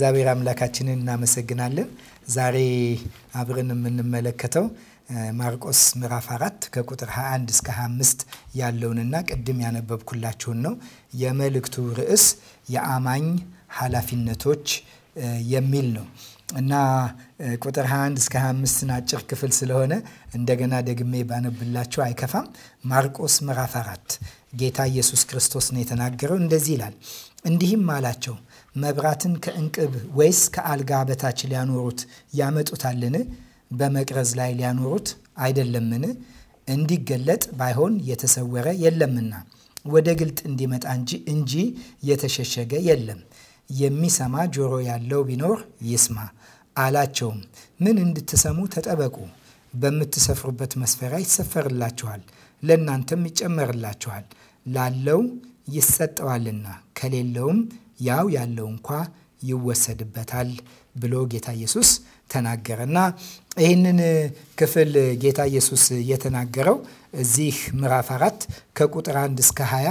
እግዚአብሔር አምላካችንን እናመሰግናለን። ዛሬ አብረን የምንመለከተው ማርቆስ ምዕራፍ 4 ከቁጥር 21 እስከ 25 ያለውንና ቅድም ያነበብኩላችሁን ነው። የመልእክቱ ርዕስ የአማኝ ኃላፊነቶች የሚል ነው እና ቁጥር 21 እስከ 25ን አጭር ክፍል ስለሆነ እንደገና ደግሜ ባነብላችሁ አይከፋም። ማርቆስ ምዕራፍ 4 ጌታ ኢየሱስ ክርስቶስ ነው የተናገረው። እንደዚህ ይላል፣ እንዲህም አላቸው መብራትን ከእንቅብ ወይስ ከአልጋ በታች ሊያኖሩት ያመጡታልን? በመቅረዝ ላይ ሊያኖሩት አይደለምን? እንዲገለጥ ባይሆን የተሰወረ የለምና ወደ ግልጥ እንዲመጣ እንጂ እንጂ የተሸሸገ የለም። የሚሰማ ጆሮ ያለው ቢኖር ይስማ አላቸውም። ምን እንድትሰሙ ተጠበቁ። በምትሰፍሩበት መስፈሪያ ይሰፈርላችኋል፣ ለእናንተም ይጨመርላችኋል። ላለው ይሰጠዋልና ከሌለውም ያው ያለው እንኳ ይወሰድበታል ብሎ ጌታ ኢየሱስ ተናገረ እና ይህንን ክፍል ጌታ ኢየሱስ የተናገረው እዚህ ምዕራፍ አራት ከቁጥር አንድ እስከ ሀያ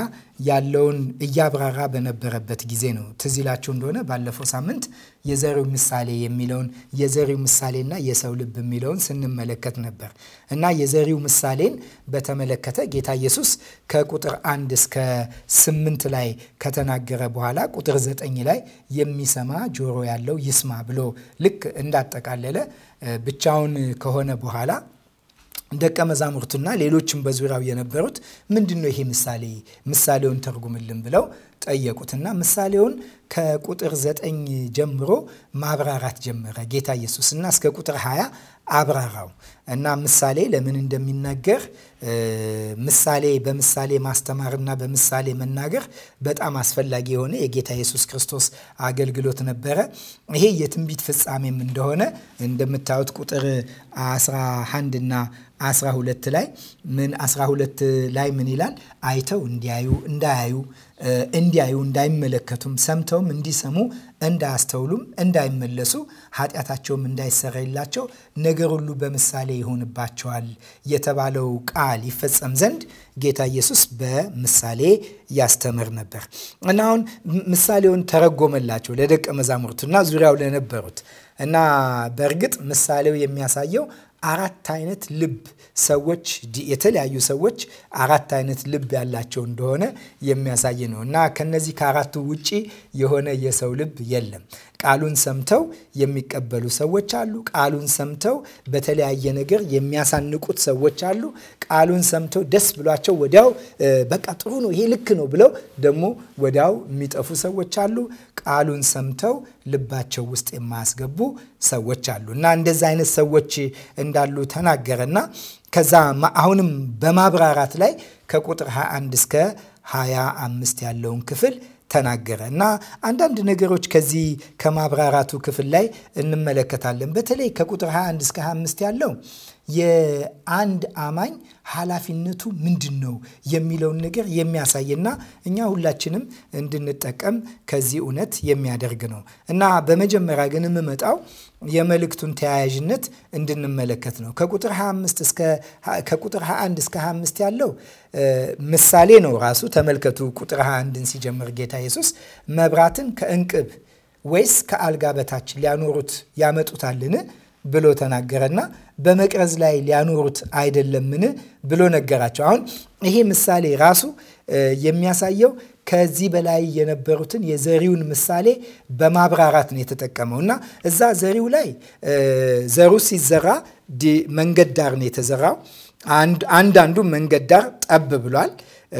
ያለውን እያብራራ በነበረበት ጊዜ ነው። ትዝ ይላችሁ እንደሆነ ባለፈው ሳምንት የዘሪው ምሳሌ የሚለውን የዘሪው ምሳሌና የሰው ልብ የሚለውን ስንመለከት ነበር እና የዘሪው ምሳሌን በተመለከተ ጌታ ኢየሱስ ከቁጥር አንድ እስከ ስምንት ላይ ከተናገረ በኋላ ቁጥር ዘጠኝ ላይ የሚሰማ ጆሮ ያለው ይስማ ብሎ ልክ እንዳጠቃለለ ብቻውን ከሆነ በኋላ ደቀ መዛሙርቱና ሌሎችም በዙሪያው የነበሩት ምንድን ነው ይሄ ምሳሌ ምሳሌውን ተርጉምልን ብለው ጠየቁትና ምሳሌውን ከቁጥር ዘጠኝ ጀምሮ ማብራራት ጀመረ ጌታ እና እስከ ቁጥር 20 አብራራው እና ምሳሌ ለምን እንደሚነገር ምሳሌ በምሳሌ ማስተማርና በምሳሌ መናገር በጣም አስፈላጊ የሆነ የጌታ ኢየሱስ ክርስቶስ አገልግሎት ነበረ። ይሄ የትንቢት ፍጻሜም እንደሆነ እንደምታዩት ቁጥር 11 እና 12 ላይ ምን 12 ላይ ምን ይላል? አይተው እንዲያዩ እንዳያዩ እንዲያዩ እንዳይመለከቱም ሰምተውም እንዲሰሙ እንዳያስተውሉም እንዳይመለሱ ኃጢአታቸውም እንዳይሰረይላቸው ነገር ሁሉ በምሳሌ ይሆንባቸዋል የተባለው ቃል ይፈጸም ዘንድ ጌታ ኢየሱስ በምሳሌ ያስተምር ነበር እና አሁን ምሳሌውን ተረጎመላቸው ለደቀ መዛሙርቱ እና ዙሪያው ለነበሩት እና በእርግጥ ምሳሌው የሚያሳየው አራት አይነት ልብ ሰዎች የተለያዩ ሰዎች አራት አይነት ልብ ያላቸው እንደሆነ የሚያሳይ ነው እና ከነዚህ ከአራቱ ውጪ የሆነ የሰው ልብ የለም። ቃሉን ሰምተው የሚቀበሉ ሰዎች አሉ። ቃሉን ሰምተው በተለያየ ነገር የሚያሳንቁት ሰዎች አሉ። ቃሉን ሰምተው ደስ ብሏቸው ወዲያው በቃ ጥሩ ነው ይሄ ልክ ነው ብለው ደግሞ ወዲያው የሚጠፉ ሰዎች አሉ። ቃሉን ሰምተው ልባቸው ውስጥ የማያስገቡ ሰዎች አሉ እና እንደዚ አይነት ሰዎች እንዳሉ ተናገረና ከዛ አሁንም በማብራራት ላይ ከቁጥር 21 እስከ 25 ያለውን ክፍል ተናገረ እና አንዳንድ ነገሮች ከዚህ ከማብራራቱ ክፍል ላይ እንመለከታለን። በተለይ ከቁጥር 21 እስከ 25 ያለው የአንድ አማኝ ኃላፊነቱ ምንድን ነው የሚለውን ነገር የሚያሳይና እኛ ሁላችንም እንድንጠቀም ከዚህ እውነት የሚያደርግ ነው እና በመጀመሪያ ግን የምመጣው የመልእክቱን ተያያዥነት እንድንመለከት ነው። ከቁጥር 25 እስከ ከቁጥር 21 እስከ 25 ያለው ምሳሌ ነው ራሱ። ተመልከቱ ቁጥር 21ን ሲጀምር ጌታ ኢየሱስ መብራትን ከእንቅብ ወይስ ከአልጋ በታች ሊያኖሩት ያመጡታልን ብሎ ተናገረና በመቅረዝ ላይ ሊያኖሩት አይደለምን ብሎ ነገራቸው። አሁን ይሄ ምሳሌ ራሱ የሚያሳየው ከዚህ በላይ የነበሩትን የዘሪውን ምሳሌ በማብራራት ነው የተጠቀመው እና እዛ ዘሪው ላይ ዘሩ ሲዘራ መንገድ ዳር ነው የተዘራው። አንዳንዱ መንገድ ዳር ጠብ ብሏል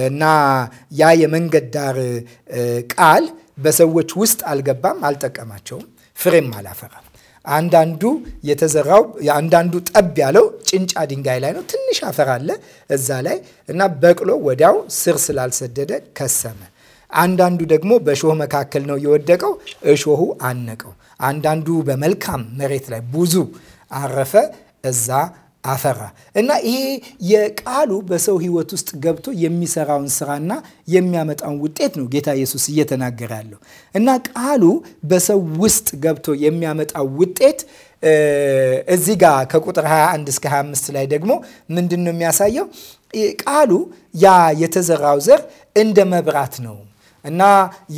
እና ያ የመንገድ ዳር ቃል በሰዎች ውስጥ አልገባም፣ አልጠቀማቸውም፣ ፍሬም አላፈራም። አንዳንዱ የተዘራው አንዳንዱ ጠብ ያለው ጭንጫ ድንጋይ ላይ ነው። ትንሽ አፈር አለ እዛ ላይ እና በቅሎ ወዲያው ስር ስላልሰደደ ከሰመ። አንዳንዱ ደግሞ በእሾህ መካከል ነው የወደቀው፣ እሾሁ አነቀው። አንዳንዱ በመልካም መሬት ላይ ብዙ አረፈ፣ እዛ አፈራ እና ይሄ የቃሉ በሰው ህይወት ውስጥ ገብቶ የሚሰራውን ስራና የሚያመጣውን ውጤት ነው ጌታ ኢየሱስ እየተናገረ ያለው እና ቃሉ በሰው ውስጥ ገብቶ የሚያመጣው ውጤት እዚህ ጋር ከቁጥር 21 እስከ 25 ላይ ደግሞ ምንድን ነው የሚያሳየው? ቃሉ ያ የተዘራው ዘር እንደ መብራት ነው እና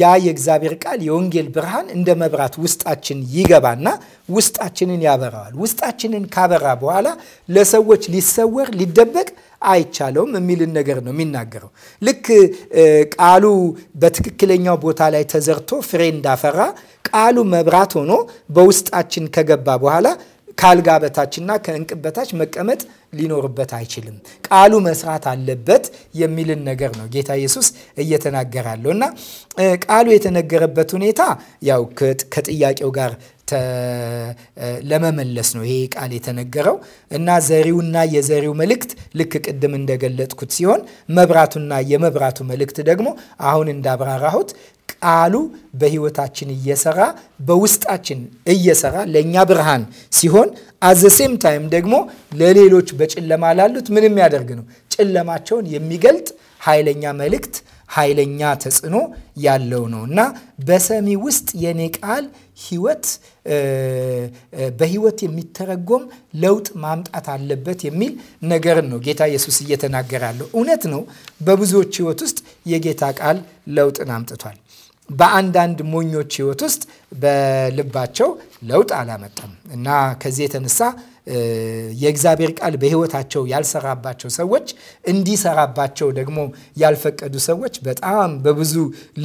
ያ የእግዚአብሔር ቃል የወንጌል ብርሃን እንደ መብራት ውስጣችን ይገባና ውስጣችንን ያበራዋል። ውስጣችንን ካበራ በኋላ ለሰዎች ሊሰወር ሊደበቅ አይቻለውም የሚልን ነገር ነው የሚናገረው። ልክ ቃሉ በትክክለኛው ቦታ ላይ ተዘርቶ ፍሬ እንዳፈራ ቃሉ መብራት ሆኖ በውስጣችን ከገባ በኋላ ካልጋ በታችና ከእንቅብ በታች መቀመጥ ሊኖርበት አይችልም። ቃሉ መስራት አለበት የሚልን ነገር ነው ጌታ ኢየሱስ እየተናገራለሁ እና ቃሉ የተነገረበት ሁኔታ ያው ከጥያቄው ጋር ለመመለስ ነው ይሄ ቃል የተነገረው እና ዘሪውና የዘሪው መልእክት ልክ ቅድም እንደገለጥኩት ሲሆን መብራቱና የመብራቱ መልእክት ደግሞ አሁን እንዳብራራሁት ቃሉ በህይወታችን እየሰራ በውስጣችን እየሰራ ለእኛ ብርሃን ሲሆን አዘሴም ታይም ደግሞ ለሌሎች በጨለማ ላሉት ምን የሚያደርግ ነው? ጨለማቸውን የሚገልጥ ኃይለኛ መልእክት፣ ኃይለኛ ተጽዕኖ ያለው ነው እና በሰሚ ውስጥ የኔ ቃል ህይወት በህይወት የሚተረጎም ለውጥ ማምጣት አለበት የሚል ነገርን ነው ጌታ ኢየሱስ እየተናገራለሁ። እውነት ነው። በብዙዎች ህይወት ውስጥ የጌታ ቃል ለውጥን አምጥቷል። በአንዳንድ ሞኞች ህይወት ውስጥ በልባቸው ለውጥ አላመጣም እና ከዚህ የተነሳ የእግዚአብሔር ቃል በህይወታቸው ያልሰራባቸው ሰዎች እንዲሰራባቸው ደግሞ ያልፈቀዱ ሰዎች በጣም በብዙ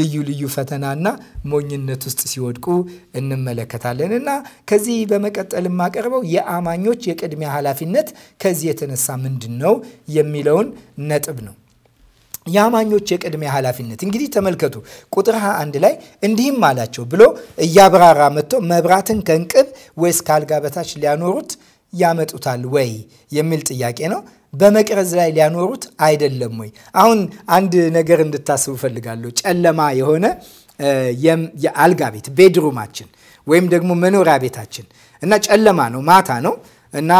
ልዩ ልዩ ፈተናና ሞኝነት ውስጥ ሲወድቁ እንመለከታለን እና ከዚህ በመቀጠል የማቀርበው የአማኞች የቅድሚያ ኃላፊነት ከዚህ የተነሳ ምንድን ነው የሚለውን ነጥብ ነው። የአማኞች የቅድሚያ ኃላፊነት እንግዲህ ተመልከቱ። ቁጥር ሃያ አንድ ላይ እንዲህም አላቸው ብሎ እያብራራ መጥቶ መብራትን ከእንቅብ ወይስ ከአልጋ በታች ሊያኖሩት ያመጡታል ወይ የሚል ጥያቄ ነው። በመቅረዝ ላይ ሊያኖሩት አይደለም ወይ? አሁን አንድ ነገር እንድታስቡ ፈልጋለሁ ጨለማ የሆነ የአልጋ ቤት ቤድሩማችን ወይም ደግሞ መኖሪያ ቤታችን እና ጨለማ ነው፣ ማታ ነው እና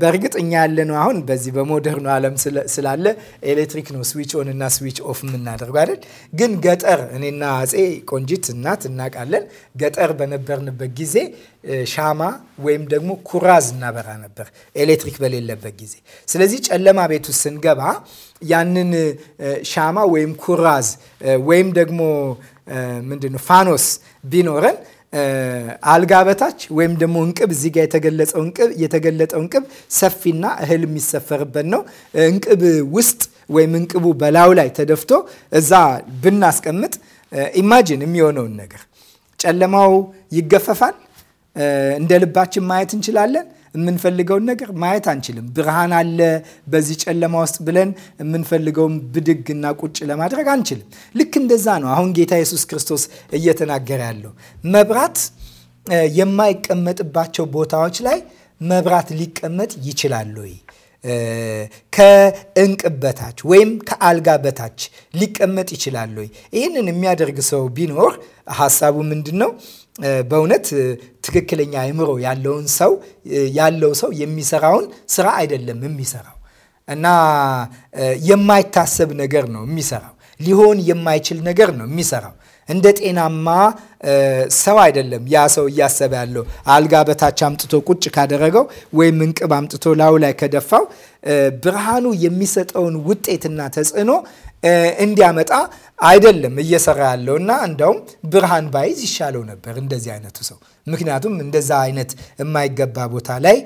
በእርግጥ እኛ ያለነው አሁን በዚህ በሞደርኑ ዓለም ስላለ ኤሌክትሪክ ነው ስዊች ኦን እና ስዊች ኦፍ የምናደርገው አይደል። ግን ገጠር እኔና አፄ ቆንጂት እናት እናውቃለን። ገጠር በነበርንበት ጊዜ ሻማ ወይም ደግሞ ኩራዝ እናበራ ነበር ኤሌክትሪክ በሌለበት ጊዜ። ስለዚህ ጨለማ ቤት ውስጥ ስንገባ ያንን ሻማ ወይም ኩራዝ ወይም ደግሞ ምንድነው ፋኖስ ቢኖረን አልጋ በታች ወይም ደግሞ እንቅብ እዚህ ጋር የተገለጸው እንቅብ የተገለጠው እንቅብ ሰፊና እህል የሚሰፈርበት ነው። እንቅብ ውስጥ ወይም እንቅቡ በላዩ ላይ ተደፍቶ እዛ ብናስቀምጥ ኢማጂን የሚሆነውን ነገር ጨለማው ይገፈፋል። እንደ ልባችን ማየት እንችላለን። የምንፈልገውን ነገር ማየት አንችልም። ብርሃን አለ በዚህ ጨለማ ውስጥ ብለን የምንፈልገውን ብድግ እና ቁጭ ለማድረግ አንችልም። ልክ እንደዛ ነው አሁን ጌታ ኢየሱስ ክርስቶስ እየተናገረ ያለው መብራት የማይቀመጥባቸው ቦታዎች ላይ መብራት ሊቀመጥ ይችላል ወይ? ከእንቅ በታች ወይም ከአልጋ በታች ሊቀመጥ ይችላል ወይ? ይህንን የሚያደርግ ሰው ቢኖር ሀሳቡ ምንድን ነው? በእውነት ትክክለኛ አእምሮ ያለውን ሰው ያለው ሰው የሚሰራውን ስራ አይደለም የሚሰራው እና የማይታሰብ ነገር ነው የሚሰራው ሊሆን የማይችል ነገር ነው የሚሰራው እንደ ጤናማ ሰው አይደለም ያ ሰው እያሰበ ያለው። አልጋ በታች አምጥቶ ቁጭ ካደረገው ወይም እንቅብ አምጥቶ ላዩ ላይ ከደፋው ብርሃኑ የሚሰጠውን ውጤትና ተጽዕኖ እንዲያመጣ አይደለም እየሰራ ያለው እና እንዳውም ብርሃን ባይዝ ይሻለው ነበር እንደዚህ አይነቱ ሰው ምክንያቱም እንደዛ አይነት የማይገባ ቦታ ላይ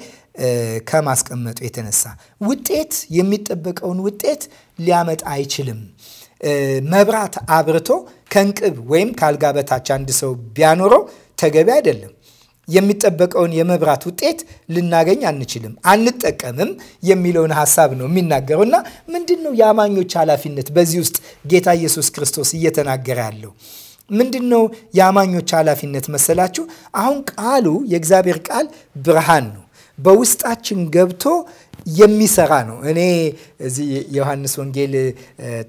ከማስቀመጡ የተነሳ ውጤት የሚጠበቀውን ውጤት ሊያመጣ አይችልም። መብራት አብርቶ ከእንቅብ ወይም ከአልጋ በታች አንድ ሰው ቢያኖረው ተገቢ አይደለም። የሚጠበቀውን የመብራት ውጤት ልናገኝ አንችልም፣ አንጠቀምም የሚለውን ሀሳብ ነው የሚናገረው። እና ምንድን ነው የአማኞች ኃላፊነት በዚህ ውስጥ ጌታ ኢየሱስ ክርስቶስ እየተናገረ ያለው ምንድን ነው የአማኞች ኃላፊነት መሰላችሁ? አሁን ቃሉ የእግዚአብሔር ቃል ብርሃን ነው። በውስጣችን ገብቶ የሚሰራ ነው። እኔ እዚህ ዮሐንስ ወንጌል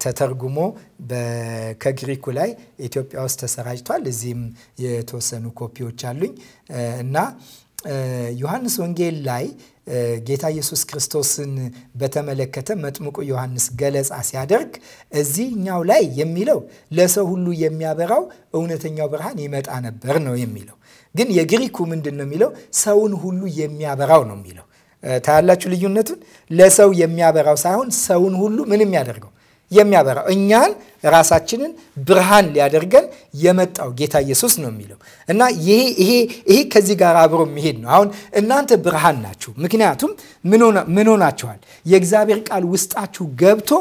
ተተርጉሞ ከግሪኩ ላይ ኢትዮጵያ ውስጥ ተሰራጭቷል። እዚህም የተወሰኑ ኮፒዎች አሉኝ እና ዮሐንስ ወንጌል ላይ ጌታ ኢየሱስ ክርስቶስን በተመለከተ መጥምቁ ዮሐንስ ገለጻ ሲያደርግ እዚህኛው ላይ የሚለው ለሰው ሁሉ የሚያበራው እውነተኛው ብርሃን ይመጣ ነበር ነው የሚለው። ግን የግሪኩ ምንድን ነው የሚለው? ሰውን ሁሉ የሚያበራው ነው የሚለው ታያላችሁ ልዩነቱን። ለሰው የሚያበራው ሳይሆን ሰውን ሁሉ ምን የሚያደርገው የሚያበራው እኛን ራሳችንን ብርሃን ሊያደርገን የመጣው ጌታ ኢየሱስ ነው የሚለው እና ይሄ ከዚህ ጋር አብሮ የሚሄድ ነው። አሁን እናንተ ብርሃን ናችሁ። ምክንያቱም ምን ሆናችኋል? የእግዚአብሔር ቃል ውስጣችሁ ገብቶ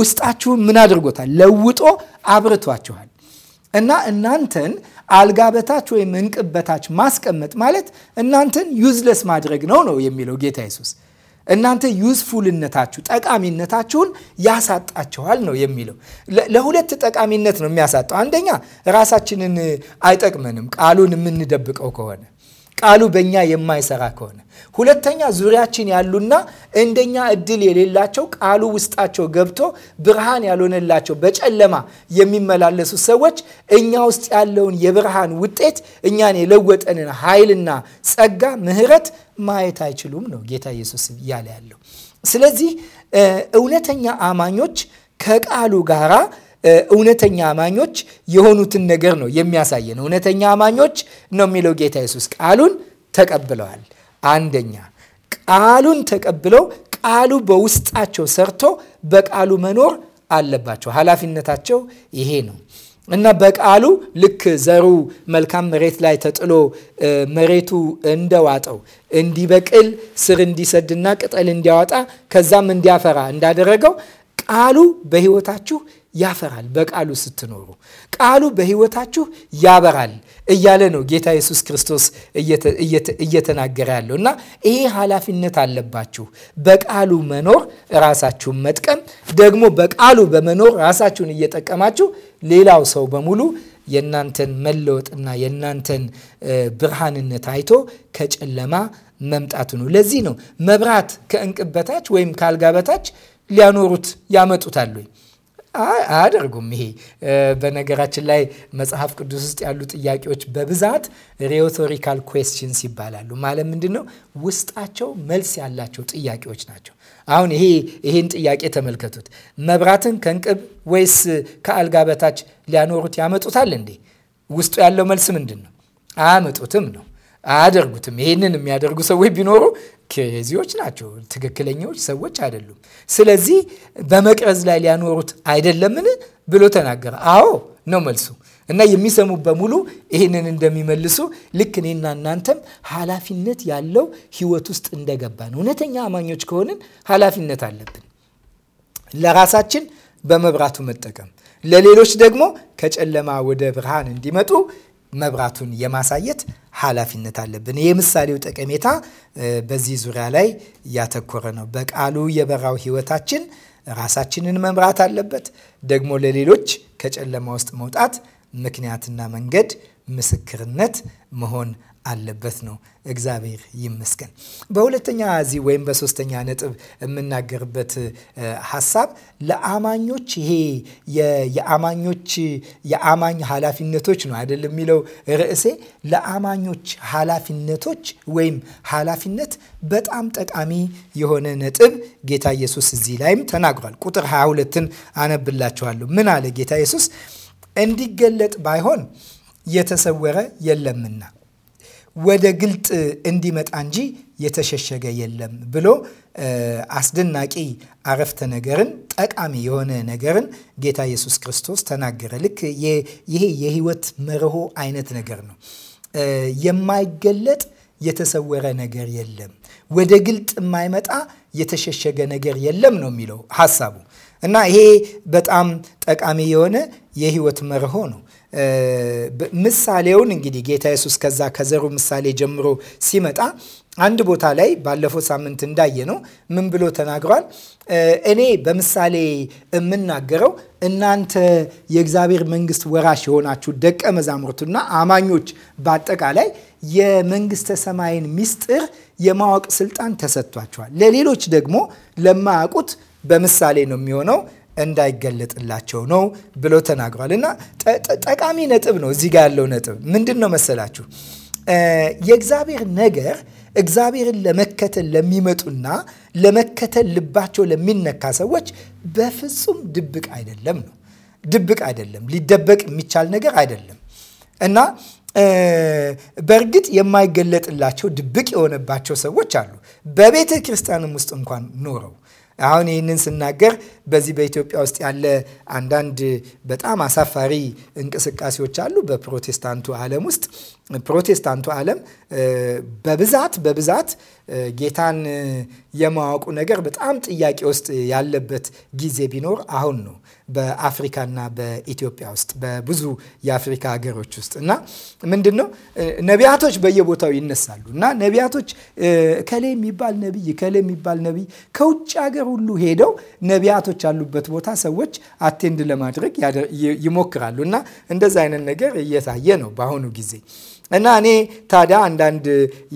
ውስጣችሁን ምን አድርጎታል? ለውጦ አብርቷችኋል። እና እናንተን አልጋ በታች ወይም እንቅብ በታች ማስቀመጥ ማለት እናንተን ዩዝለስ ማድረግ ነው ነው የሚለው ጌታ ኢየሱስ። እናንተ ዩዝፉልነታችሁ ጠቃሚነታችሁን ያሳጣችኋል ነው የሚለው። ለሁለት ጠቃሚነት ነው የሚያሳጣው። አንደኛ ራሳችንን አይጠቅመንም ቃሉን የምንደብቀው ከሆነ ቃሉ በእኛ የማይሰራ ከሆነ ሁለተኛ ዙሪያችን ያሉና እንደኛ እድል የሌላቸው ቃሉ ውስጣቸው ገብቶ ብርሃን ያልሆነላቸው በጨለማ የሚመላለሱ ሰዎች እኛ ውስጥ ያለውን የብርሃን ውጤት እኛን የለወጠንን ኃይልና ጸጋ፣ ምሕረት ማየት አይችሉም ነው ጌታ ኢየሱስ እያለ ያለው። ስለዚህ እውነተኛ አማኞች ከቃሉ ጋራ እውነተኛ አማኞች የሆኑትን ነገር ነው የሚያሳየን። እውነተኛ አማኞች ነው የሚለው ጌታ ኢየሱስ ቃሉን ተቀብለዋል። አንደኛ ቃሉን ተቀብለው ቃሉ በውስጣቸው ሰርቶ በቃሉ መኖር አለባቸው። ኃላፊነታቸው ይሄ ነው እና በቃሉ ልክ ዘሩ መልካም መሬት ላይ ተጥሎ መሬቱ እንደዋጠው እንዲበቅል ስር እንዲሰድና ቅጠል እንዲያወጣ ከዛም እንዲያፈራ እንዳደረገው ቃሉ በሕይወታችሁ ያፈራል በቃሉ ስትኖሩ። ቃሉ በህይወታችሁ ያበራል እያለ ነው ጌታ ኢየሱስ ክርስቶስ እየተናገረ ያለው እና ይሄ ኃላፊነት አለባችሁ። በቃሉ መኖር ራሳችሁን መጥቀም፣ ደግሞ በቃሉ በመኖር ራሳችሁን እየጠቀማችሁ ሌላው ሰው በሙሉ የእናንተን መለወጥና የእናንተን ብርሃንነት አይቶ ከጨለማ መምጣቱ ነው። ለዚህ ነው መብራት ከእንቅ በታች ወይም ከአልጋ በታች ሊያኖሩት ያመጡታል ወይ አያደርጉም። ይሄ በነገራችን ላይ መጽሐፍ ቅዱስ ውስጥ ያሉ ጥያቄዎች በብዛት ሬቶሪካል ኩዌስችንስ ይባላሉ። ማለት ምንድን ነው? ውስጣቸው መልስ ያላቸው ጥያቄዎች ናቸው። አሁን ይሄ ይህን ጥያቄ ተመልከቱት። መብራትን ከእንቅብ ወይስ ከአልጋ በታች ሊያኖሩት ያመጡታል እንዴ? ውስጡ ያለው መልስ ምንድን ነው? አያመጡትም ነው አያደርጉትም። ይህንን የሚያደርጉ ሰዎች ቢኖሩ ክሬዚዎች ናቸው፣ ትክክለኛዎች ሰዎች አይደሉም። ስለዚህ በመቅረዝ ላይ ሊያኖሩት አይደለምን ብሎ ተናገረ። አዎ ነው መልሱ። እና የሚሰሙ በሙሉ ይህንን እንደሚመልሱ ልክ እኔና እናንተም ኃላፊነት ያለው ህይወት ውስጥ እንደገባን እውነተኛ አማኞች ከሆንን ኃላፊነት አለብን ለራሳችን በመብራቱ መጠቀም ለሌሎች ደግሞ ከጨለማ ወደ ብርሃን እንዲመጡ መብራቱን የማሳየት ኃላፊነት አለብን። የምሳሌው ጠቀሜታ በዚህ ዙሪያ ላይ ያተኮረ ነው። በቃሉ የበራው ህይወታችን ራሳችንን መምራት አለበት፣ ደግሞ ለሌሎች ከጨለማ ውስጥ መውጣት ምክንያትና መንገድ ምስክርነት መሆን አለበት ነው። እግዚአብሔር ይመስገን። በሁለተኛ እዚህ ወይም በሶስተኛ ነጥብ የምናገርበት ሀሳብ ለአማኞች ይሄ የአማኞች የአማኝ ኃላፊነቶች ነው አይደል የሚለው ርዕሴ። ለአማኞች ኃላፊነቶች ወይም ኃላፊነት በጣም ጠቃሚ የሆነ ነጥብ ጌታ ኢየሱስ እዚህ ላይም ተናግሯል። ቁጥር 22ን አነብላችኋለሁ። ምን አለ ጌታ ኢየሱስ? እንዲገለጥ ባይሆን የተሰወረ የለምና ወደ ግልጥ እንዲመጣ እንጂ የተሸሸገ የለም ብሎ አስደናቂ አረፍተ ነገርን ጠቃሚ የሆነ ነገርን ጌታ ኢየሱስ ክርስቶስ ተናገረ። ልክ ይሄ የህይወት መርሆ አይነት ነገር ነው። የማይገለጥ የተሰወረ ነገር የለም፣ ወደ ግልጥ የማይመጣ የተሸሸገ ነገር የለም ነው የሚለው ሀሳቡ። እና ይሄ በጣም ጠቃሚ የሆነ የህይወት መርሆ ነው። ምሳሌውን እንግዲህ ጌታ የሱስ ከዛ ከዘሩ ምሳሌ ጀምሮ ሲመጣ አንድ ቦታ ላይ ባለፈው ሳምንት እንዳየ ነው ምን ብሎ ተናግሯል? እኔ በምሳሌ የምናገረው እናንተ የእግዚአብሔር መንግስት ወራሽ የሆናችሁ ደቀ መዛሙርቱና አማኞች በአጠቃላይ የመንግስተ ሰማይን ሚስጥር የማወቅ ስልጣን ተሰጥቷቸዋል። ለሌሎች ደግሞ ለማያውቁት በምሳሌ ነው የሚሆነው እንዳይገለጥላቸው ነው ብሎ ተናግሯል። እና ጠቃሚ ነጥብ ነው እዚህ ያለው ነጥብ ምንድን ነው መሰላችሁ? የእግዚአብሔር ነገር እግዚአብሔርን ለመከተል ለሚመጡና ለመከተል ልባቸው ለሚነካ ሰዎች በፍጹም ድብቅ አይደለም ነው። ድብቅ አይደለም፣ ሊደበቅ የሚቻል ነገር አይደለም እና በእርግጥ የማይገለጥላቸው ድብቅ የሆነባቸው ሰዎች አሉ። በቤተ ክርስቲያንም ውስጥ እንኳን ኖረው አሁን ይህንን ስናገር በዚህ በኢትዮጵያ ውስጥ ያለ አንዳንድ በጣም አሳፋሪ እንቅስቃሴዎች አሉ። በፕሮቴስታንቱ ዓለም ውስጥ ፕሮቴስታንቱ ዓለም በብዛት በብዛት ጌታን የማወቁ ነገር በጣም ጥያቄ ውስጥ ያለበት ጊዜ ቢኖር አሁን ነው። በአፍሪካና በኢትዮጵያ ውስጥ በብዙ የአፍሪካ ሀገሮች ውስጥ እና ምንድን ነው ነቢያቶች በየቦታው ይነሳሉ እና ነቢያቶች ከሌ የሚባል ነቢይ ከሌ የሚባል ነቢይ ከውጭ ሀገር ሁሉ ሄደው ነቢያቶች ሰዎች ያሉበት ቦታ ሰዎች አቴንድ ለማድረግ ይሞክራሉ እና እንደዛ አይነት ነገር እየታየ ነው በአሁኑ ጊዜ እና እኔ ታዲያ አንዳንድ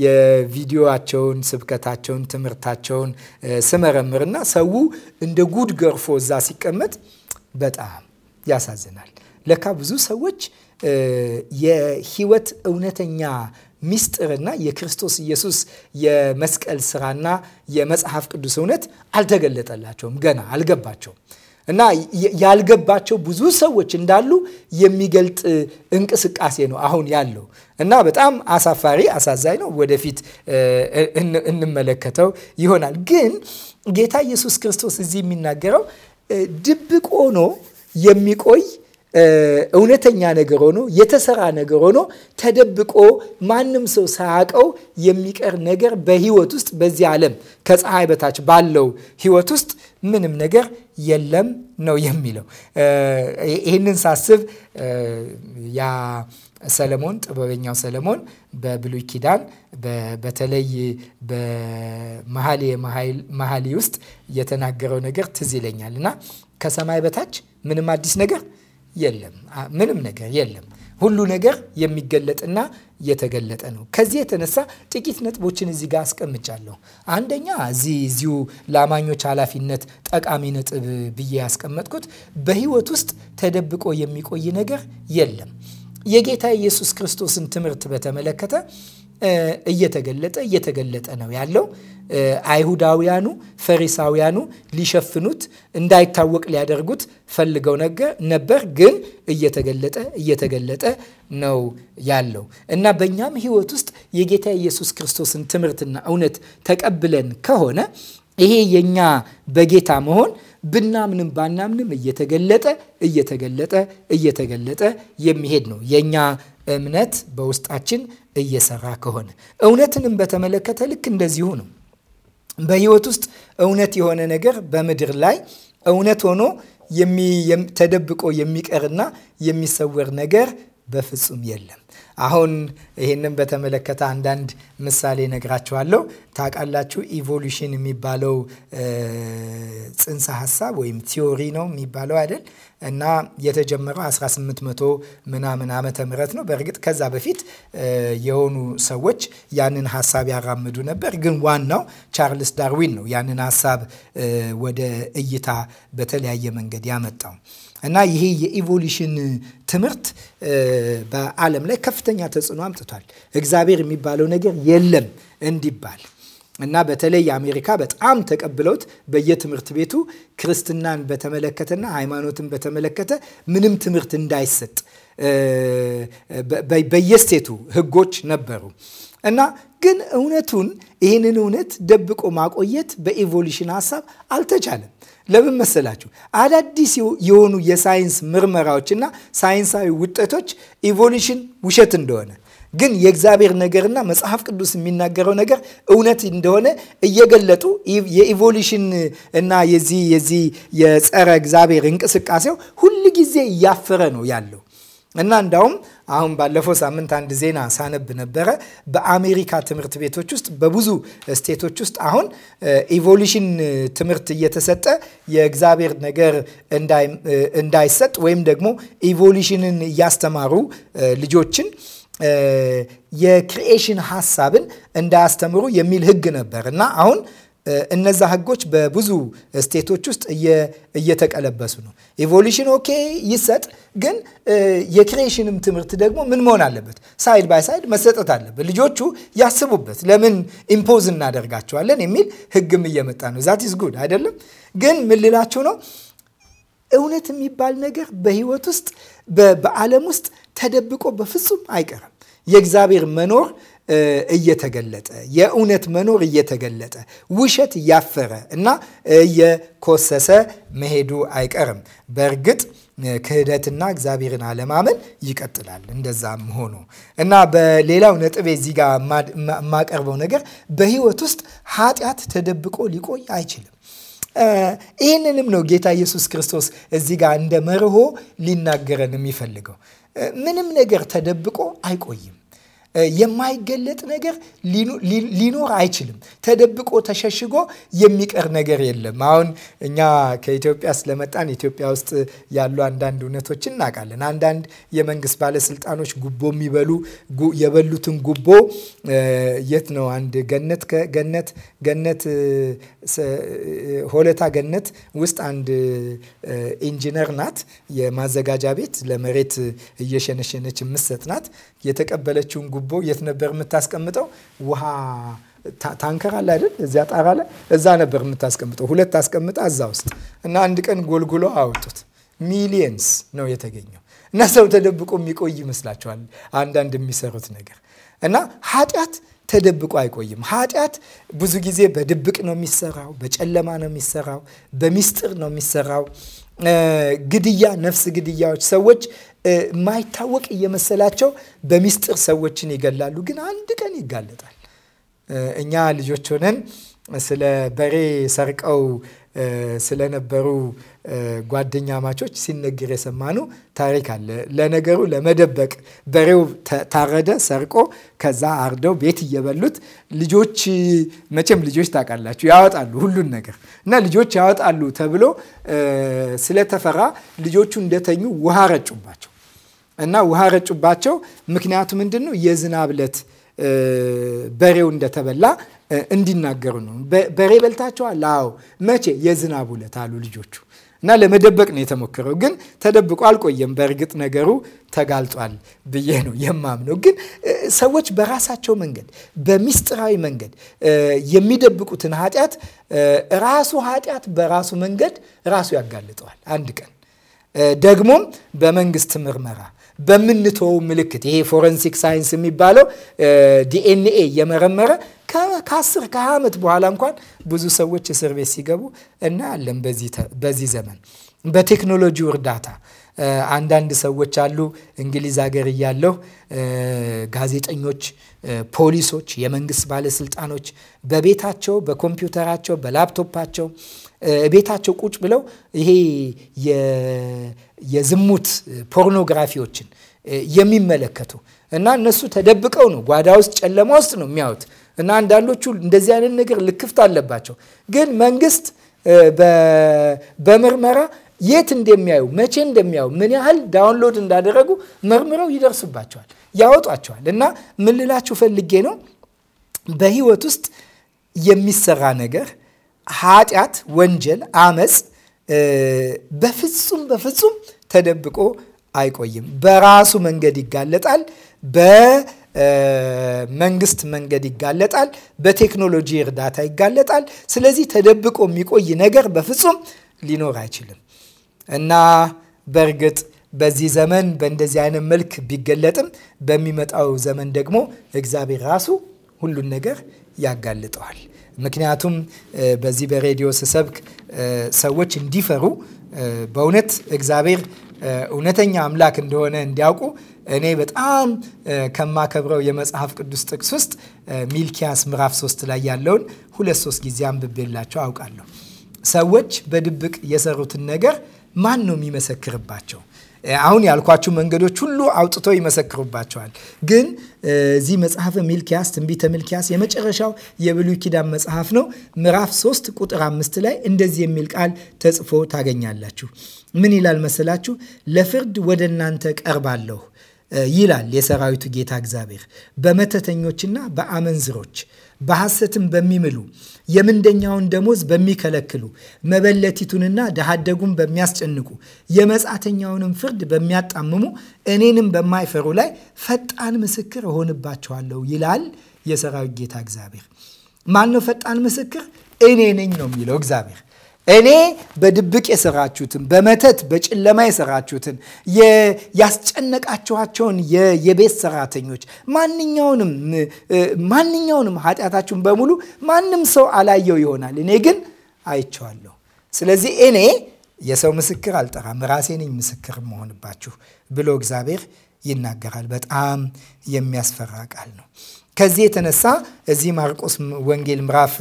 የቪዲዮቸውን፣ ስብከታቸውን፣ ትምህርታቸውን ስመረምርና ሰው እንደ ጉድ ገርፎ እዛ ሲቀመጥ በጣም ያሳዝናል። ለካ ብዙ ሰዎች የህይወት እውነተኛ ሚስጥርና የክርስቶስ ኢየሱስ የመስቀል ስራና የመጽሐፍ ቅዱስ እውነት አልተገለጠላቸውም፣ ገና አልገባቸውም። እና ያልገባቸው ብዙ ሰዎች እንዳሉ የሚገልጥ እንቅስቃሴ ነው አሁን ያለው እና በጣም አሳፋሪ፣ አሳዛኝ ነው። ወደፊት እንመለከተው ይሆናል። ግን ጌታ ኢየሱስ ክርስቶስ እዚህ የሚናገረው ድብቅ ሆኖ የሚቆይ እውነተኛ ነገር ሆኖ የተሰራ ነገር ሆኖ ተደብቆ ማንም ሰው ሳያውቀው የሚቀር ነገር በህይወት ውስጥ በዚህ ዓለም ከፀሐይ በታች ባለው ህይወት ውስጥ ምንም ነገር የለም ነው የሚለው። ይህንን ሳስብ ያ ሰለሞን ጥበበኛው ሰለሞን በብሉይ ኪዳን በተለይ በመኃልየ መኃልይ ውስጥ የተናገረው ነገር ትዝ ይለኛል እና ከሰማይ በታች ምንም አዲስ ነገር የለም። ምንም ነገር የለም። ሁሉ ነገር የሚገለጥና የተገለጠ ነው። ከዚህ የተነሳ ጥቂት ነጥቦችን እዚህ ጋር አስቀምጫለሁ። አንደኛ እዚህ እዚሁ ለአማኞች ኃላፊነት ጠቃሚ ነጥብ ብዬ ያስቀመጥኩት በሕይወት ውስጥ ተደብቆ የሚቆይ ነገር የለም። የጌታ ኢየሱስ ክርስቶስን ትምህርት በተመለከተ እየተገለጠ እየተገለጠ ነው ያለው። አይሁዳውያኑ ፈሪሳውያኑ ሊሸፍኑት እንዳይታወቅ ሊያደርጉት ፈልገው ነበር፣ ግን እየተገለጠ እየተገለጠ ነው ያለው እና በእኛም ሕይወት ውስጥ የጌታ ኢየሱስ ክርስቶስን ትምህርትና እውነት ተቀብለን ከሆነ ይሄ የእኛ በጌታ መሆን ብናምንም ባናምንም እየተገለጠ እየተገለጠ እየተገለጠ የሚሄድ ነው የእኛ እምነት በውስጣችን እየሰራ ከሆነ። እውነትንም በተመለከተ ልክ እንደዚሁ ነው። በህይወት ውስጥ እውነት የሆነ ነገር በምድር ላይ እውነት ሆኖ ተደብቆ የሚቀርና የሚሰወር ነገር በፍጹም የለም። አሁን ይህንም በተመለከተ አንዳንድ ምሳሌ ነግራችኋለሁ። ታውቃላችሁ ኢቮሉሽን የሚባለው ጽንሰ ሀሳብ ወይም ቲዮሪ ነው የሚባለው አይደል እና የተጀመረው 1800 ምናምን ዓመተ ምህረት ነው። በእርግጥ ከዛ በፊት የሆኑ ሰዎች ያንን ሀሳብ ያራምዱ ነበር፣ ግን ዋናው ቻርልስ ዳርዊን ነው ያንን ሀሳብ ወደ እይታ በተለያየ መንገድ ያመጣው። እና ይሄ የኢቮሉሽን ትምህርት በዓለም ላይ ከፍተኛ ተጽዕኖ አምጥቷል። እግዚአብሔር የሚባለው ነገር የለም እንዲባል እና በተለይ የአሜሪካ በጣም ተቀብለውት በየትምህርት ቤቱ ክርስትናን በተመለከተና ሃይማኖትን በተመለከተ ምንም ትምህርት እንዳይሰጥ በየስቴቱ ህጎች ነበሩ እና ግን እውነቱን ይህንን እውነት ደብቆ ማቆየት በኢቮሉሽን ሀሳብ አልተቻለም። ለምን መሰላችሁ? አዳዲስ የሆኑ የሳይንስ ምርመራዎችና ሳይንሳዊ ውጤቶች ኢቮሉሽን ውሸት እንደሆነ ግን የእግዚአብሔር ነገርና መጽሐፍ ቅዱስ የሚናገረው ነገር እውነት እንደሆነ እየገለጡ የኢቮሉሽን እና የዚህ የዚህ የጸረ እግዚአብሔር እንቅስቃሴው ሁል ጊዜ እያፈረ ነው ያለው። እና እንዳውም አሁን ባለፈው ሳምንት አንድ ዜና ሳነብ ነበረ። በአሜሪካ ትምህርት ቤቶች ውስጥ በብዙ ስቴቶች ውስጥ አሁን ኢቮሉሽን ትምህርት እየተሰጠ የእግዚአብሔር ነገር እንዳይሰጥ ወይም ደግሞ ኢቮሉሽንን እያስተማሩ ልጆችን የክሪኤሽን ሀሳብን እንዳያስተምሩ የሚል ህግ ነበር እና አሁን እነዛ ህጎች በብዙ ስቴቶች ውስጥ እየተቀለበሱ ነው። ኢቮሉሽን ኦኬ ይሰጥ፣ ግን የክሬሽንም ትምህርት ደግሞ ምን መሆን አለበት? ሳይድ ባይ ሳይድ መሰጠት አለበት። ልጆቹ ያስቡበት። ለምን ኢምፖዝ እናደርጋቸዋለን የሚል ህግም እየመጣ ነው። ዛት ኢዝ ጉድ አይደለም። ግን ምን ነው እውነት የሚባል ነገር በህይወት ውስጥ በዓለም ውስጥ ተደብቆ በፍጹም አይቀርም። የእግዚአብሔር መኖር እየተገለጠ የእውነት መኖር እየተገለጠ ውሸት እያፈረ እና እየኮሰሰ መሄዱ አይቀርም። በእርግጥ ክህደትና እግዚአብሔርን አለማመን ይቀጥላል። እንደዛም ሆኖ እና በሌላው ነጥቤ እዚህ ጋር የማቀርበው ነገር በህይወት ውስጥ ኃጢአት ተደብቆ ሊቆይ አይችልም። ይህንንም ነው ጌታ ኢየሱስ ክርስቶስ እዚህ ጋር እንደ መርሆ ሊናገረን የሚፈልገው። ምንም ነገር ተደብቆ አይቆይም። የማይገለጥ ነገር ሊኖር አይችልም። ተደብቆ ተሸሽጎ የሚቀር ነገር የለም። አሁን እኛ ከኢትዮጵያ ስለመጣን ኢትዮጵያ ውስጥ ያሉ አንዳንድ እውነቶችን እናውቃለን። አንዳንድ የመንግስት ባለስልጣኖች ጉቦ የሚበሉ የበሉትን ጉቦ የት ነው አንድ ገነት ገነት ገነት ሆለታ ገነት ውስጥ አንድ ኢንጂነር ናት። የማዘጋጃ ቤት ለመሬት እየሸነሸነች የምትሰጥ ናት። የተቀበለችውን ጉቦ የት ነበር የምታስቀምጠው? ውሃ ታንከር አለ አይደል? እዚያ ጣራ ላይ እዛ ነበር የምታስቀምጠው። ሁለት አስቀምጣ እዛ ውስጥ እና አንድ ቀን ጎልጉሎ አወጡት። ሚሊየንስ ነው የተገኘው። እና ሰው ተደብቆ የሚቆይ ይመስላችኋል? አንዳንድ የሚሰሩት ነገር እና ኃጢአት ተደብቆ አይቆይም። ኃጢአት ብዙ ጊዜ በድብቅ ነው የሚሰራው፣ በጨለማ ነው የሚሰራው፣ በሚስጥር ነው የሚሰራው። ግድያ፣ ነፍስ ግድያዎች ሰዎች ማይታወቅ እየመሰላቸው በሚስጥር ሰዎችን ይገላሉ። ግን አንድ ቀን ይጋለጣል። እኛ ልጆች ሆነን ስለ በሬ ሰርቀው ስለነበሩ ጓደኛ ማቾች ሲነገር የሰማነው ታሪክ አለ። ለነገሩ ለመደበቅ በሬው ታረደ፣ ሰርቆ ከዛ አርደው ቤት እየበሉት ልጆች መቼም ልጆች ታውቃላችሁ ያወጣሉ ሁሉን ነገር እና ልጆች ያወጣሉ ተብሎ ስለተፈራ ልጆቹ እንደተኙ ውሃ ረጩባቸው። እና ውሃ ረጩባቸው። ምክንያቱ ምንድን ነው? የዝናብ ዕለት በሬው እንደተበላ እንዲናገሩ ነው። በሬ በልታችኋል? አዎ። መቼ? የዝናብ ዕለት አሉ ልጆቹ። እና ለመደበቅ ነው የተሞከረው፣ ግን ተደብቆ አልቆየም። በእርግጥ ነገሩ ተጋልጧል ብዬ ነው የማምነው። ግን ሰዎች በራሳቸው መንገድ በሚስጥራዊ መንገድ የሚደብቁትን ኃጢአት ራሱ ኃጢአት በራሱ መንገድ ራሱ ያጋልጠዋል አንድ ቀን ደግሞም በመንግስት ምርመራ በምንተወው ምልክት ይሄ ፎረንሲክ ሳይንስ የሚባለው ዲኤንኤ እየመረመረ ከአስር ከሀያ ዓመት በኋላ እንኳን ብዙ ሰዎች እስር ቤት ሲገቡ እናያለን። በዚህ ዘመን በቴክኖሎጂ እርዳታ አንዳንድ ሰዎች አሉ እንግሊዝ ሀገር እያለሁ ጋዜጠኞች፣ ፖሊሶች፣ የመንግስት ባለስልጣኖች በቤታቸው በኮምፒውተራቸው፣ በላፕቶፓቸው ቤታቸው ቁጭ ብለው ይሄ የዝሙት ፖርኖግራፊዎችን የሚመለከቱ እና እነሱ ተደብቀው ነው ጓዳ ውስጥ ጨለማ ውስጥ ነው የሚያዩት እና አንዳንዶቹ እንደዚህ አይነት ነገር ልክፍት አለባቸው። ግን መንግስት በምርመራ የት እንደሚያዩ፣ መቼ እንደሚያዩ፣ ምን ያህል ዳውንሎድ እንዳደረጉ መርምረው ይደርሱባቸዋል፣ ያወጧቸዋል። እና ምን ልላችሁ ፈልጌ ነው በህይወት ውስጥ የሚሰራ ነገር ኃጢአት፣ ወንጀል፣ አመፅ በፍጹም በፍጹም ተደብቆ አይቆይም። በራሱ መንገድ ይጋለጣል። በመንግስት መንገድ ይጋለጣል። በቴክኖሎጂ እርዳታ ይጋለጣል። ስለዚህ ተደብቆ የሚቆይ ነገር በፍጹም ሊኖር አይችልም። እና በእርግጥ በዚህ ዘመን በእንደዚህ አይነት መልክ ቢገለጥም በሚመጣው ዘመን ደግሞ እግዚአብሔር ራሱ ሁሉን ነገር ያጋልጠዋል። ምክንያቱም በዚህ በሬዲዮ ስሰብክ ሰዎች እንዲፈሩ በእውነት እግዚአብሔር እውነተኛ አምላክ እንደሆነ እንዲያውቁ እኔ በጣም ከማከብረው የመጽሐፍ ቅዱስ ጥቅስ ውስጥ ሚልኪያስ ምዕራፍ ሶስት ላይ ያለውን ሁለት ሶስት ጊዜ አንብቤላቸው አውቃለሁ። ሰዎች በድብቅ የሰሩትን ነገር ማን ነው የሚመሰክርባቸው? አሁን ያልኳችሁ መንገዶች ሁሉ አውጥቶ ይመሰክሩባቸዋል። ግን እዚህ መጽሐፈ ሚልኪያስ ትንቢተ ሚልኪያስ የመጨረሻው የብሉይ ኪዳን መጽሐፍ ነው። ምዕራፍ 3 ቁጥር አምስት ላይ እንደዚህ የሚል ቃል ተጽፎ ታገኛላችሁ። ምን ይላል መሰላችሁ? ለፍርድ ወደ እናንተ ቀርባለሁ ይላል የሰራዊቱ ጌታ እግዚአብሔር በመተተኞችና በአመንዝሮች በሐሰትም በሚምሉ የምንደኛውን ደሞዝ በሚከለክሉ መበለቲቱንና ደሃደጉን በሚያስጨንቁ የመጻተኛውንም ፍርድ በሚያጣምሙ እኔንም በማይፈሩ ላይ ፈጣን ምስክር እሆንባቸዋለሁ ይላል የሰራዊት ጌታ እግዚአብሔር። ማን ነው ፈጣን ምስክር? እኔ ነኝ ነው የሚለው እግዚአብሔር። እኔ በድብቅ የሰራችሁትን በመተት በጨለማ የሰራችሁትን ያስጨነቃችኋቸውን የቤት ሰራተኞች ማንኛውንም ማንኛውንም ኃጢአታችሁን በሙሉ ማንም ሰው አላየው ይሆናል፣ እኔ ግን አይቸዋለሁ ስለዚህ እኔ የሰው ምስክር አልጠራም፣ ራሴ ነኝ ምስክር መሆንባችሁ ብሎ እግዚአብሔር ይናገራል። በጣም የሚያስፈራ ቃል ነው። ከዚህ የተነሳ እዚህ ማርቆስ ወንጌል ምዕራፍ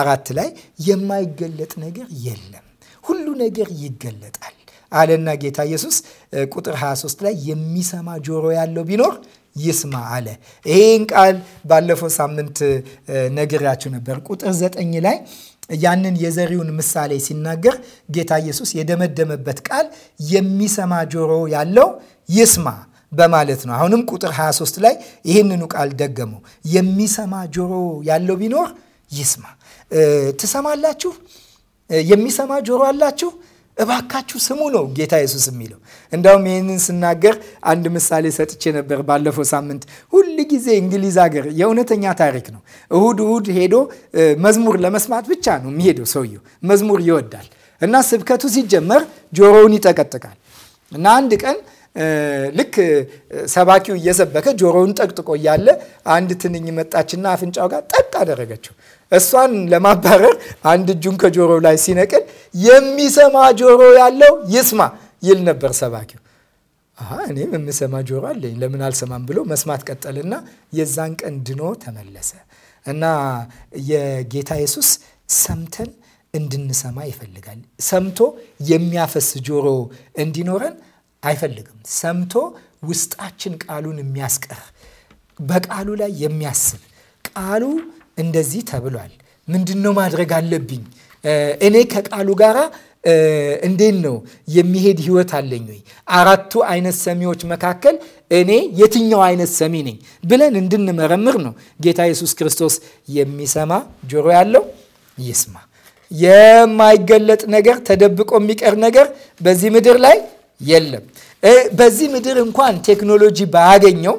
አራት ላይ የማይገለጥ ነገር የለም፣ ሁሉ ነገር ይገለጣል አለና ጌታ ኢየሱስ ቁጥር 23 ላይ የሚሰማ ጆሮ ያለው ቢኖር ይስማ አለ። ይህን ቃል ባለፈው ሳምንት ነግሬያችሁ ነበር። ቁጥር ዘጠኝ ላይ ያንን የዘሪውን ምሳሌ ሲናገር ጌታ ኢየሱስ የደመደመበት ቃል የሚሰማ ጆሮ ያለው ይስማ በማለት ነው። አሁንም ቁጥር 23 ላይ ይህንኑ ቃል ደገመው። የሚሰማ ጆሮ ያለው ቢኖር ይስማ። ትሰማላችሁ? የሚሰማ ጆሮ አላችሁ? እባካችሁ ስሙ ነው ጌታ ኢየሱስ የሚለው። እንዳውም ይህንን ስናገር አንድ ምሳሌ ሰጥቼ ነበር ባለፈው ሳምንት። ሁል ጊዜ እንግሊዝ ሀገር የእውነተኛ ታሪክ ነው። እሁድ እሁድ ሄዶ መዝሙር ለመስማት ብቻ ነው የሚሄደው ሰውየው። መዝሙር ይወዳል እና ስብከቱ ሲጀመር ጆሮውን ይጠቀጥቃል እና አንድ ቀን ልክ ሰባኪው እየሰበከ ጆሮውን ጠቅጥቆ እያለ አንድ ትንኝ መጣችና አፍንጫው ጋር ጠጥ አደረገችው። እሷን ለማባረር አንድ እጁን ከጆሮው ላይ ሲነቅል የሚሰማ ጆሮ ያለው ይስማ ይል ነበር ሰባኪው። እኔም የምሰማ ጆሮ አለኝ ለምን አልሰማም ብሎ መስማት ቀጠልና የዛን ቀን ድኖ ተመለሰ እና የጌታ ኢየሱስ ሰምተን እንድንሰማ ይፈልጋል። ሰምቶ የሚያፈስ ጆሮ እንዲኖረን አይፈልግም። ሰምቶ ውስጣችን ቃሉን የሚያስቀር በቃሉ ላይ የሚያስብ ቃሉ እንደዚህ ተብሏል፣ ምንድን ነው ማድረግ አለብኝ? እኔ ከቃሉ ጋር እንዴት ነው የሚሄድ ህይወት አለኝ ወይ? አራቱ አይነት ሰሚዎች መካከል እኔ የትኛው አይነት ሰሚ ነኝ ብለን እንድንመረምር ነው ጌታ ኢየሱስ ክርስቶስ። የሚሰማ ጆሮ ያለው ይስማ። የማይገለጥ ነገር፣ ተደብቆ የሚቀር ነገር በዚህ ምድር ላይ የለም። በዚህ ምድር እንኳን ቴክኖሎጂ ባያገኘው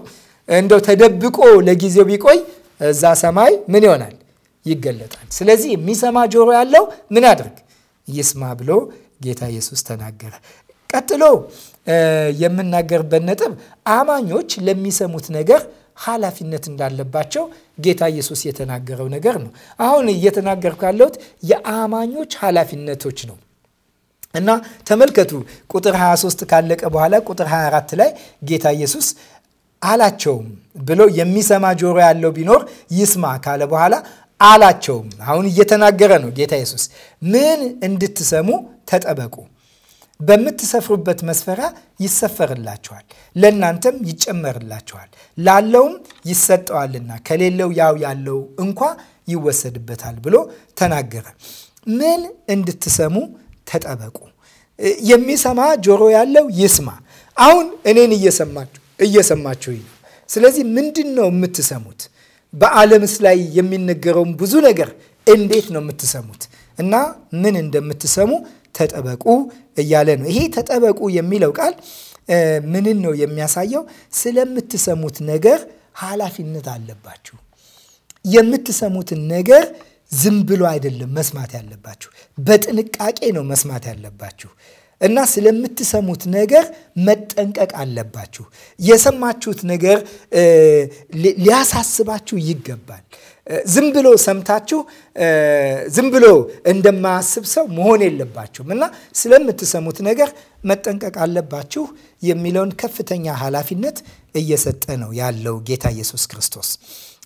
እንደው ተደብቆ ለጊዜው ቢቆይ እዛ ሰማይ ምን ይሆናል? ይገለጣል። ስለዚህ የሚሰማ ጆሮ ያለው ምን ያድርግ? ይስማ ብሎ ጌታ ኢየሱስ ተናገረ። ቀጥሎ የምናገርበት ነጥብ አማኞች ለሚሰሙት ነገር ኃላፊነት እንዳለባቸው ጌታ ኢየሱስ የተናገረው ነገር ነው። አሁን እየተናገርኩ ያለሁት የአማኞች ኃላፊነቶች ነው። እና ተመልከቱ ቁጥር 23 ካለቀ በኋላ ቁጥር 24 ላይ ጌታ ኢየሱስ አላቸውም ብሎ የሚሰማ ጆሮ ያለው ቢኖር ይስማ ካለ በኋላ አላቸውም። አሁን እየተናገረ ነው ጌታ ኢየሱስ። ምን እንድትሰሙ ተጠበቁ። በምትሰፍሩበት መስፈሪያ ይሰፈርላችኋል፣ ለእናንተም ይጨመርላችኋል። ላለውም ይሰጠዋልና ከሌለው ያው ያለው እንኳ ይወሰድበታል ብሎ ተናገረ። ምን እንድትሰሙ ተጠበቁ። የሚሰማ ጆሮ ያለው ይስማ። አሁን እኔን እየሰማችሁ ነው። ስለዚህ ምንድን ነው የምትሰሙት? በዓለምስ ላይ የሚነገረውን ብዙ ነገር እንዴት ነው የምትሰሙት? እና ምን እንደምትሰሙ ተጠበቁ እያለ ነው። ይሄ ተጠበቁ የሚለው ቃል ምንን ነው የሚያሳየው? ስለምትሰሙት ነገር ኃላፊነት አለባችሁ። የምትሰሙትን ነገር ዝም ብሎ አይደለም መስማት ያለባችሁ፣ በጥንቃቄ ነው መስማት ያለባችሁ እና ስለምትሰሙት ነገር መጠንቀቅ አለባችሁ። የሰማችሁት ነገር ሊያሳስባችሁ ይገባል። ዝም ብሎ ሰምታችሁ ዝም ብሎ እንደማያስብ ሰው መሆን የለባችሁም እና ስለምትሰሙት ነገር መጠንቀቅ አለባችሁ የሚለውን ከፍተኛ ኃላፊነት እየሰጠ ነው ያለው ጌታ ኢየሱስ ክርስቶስ።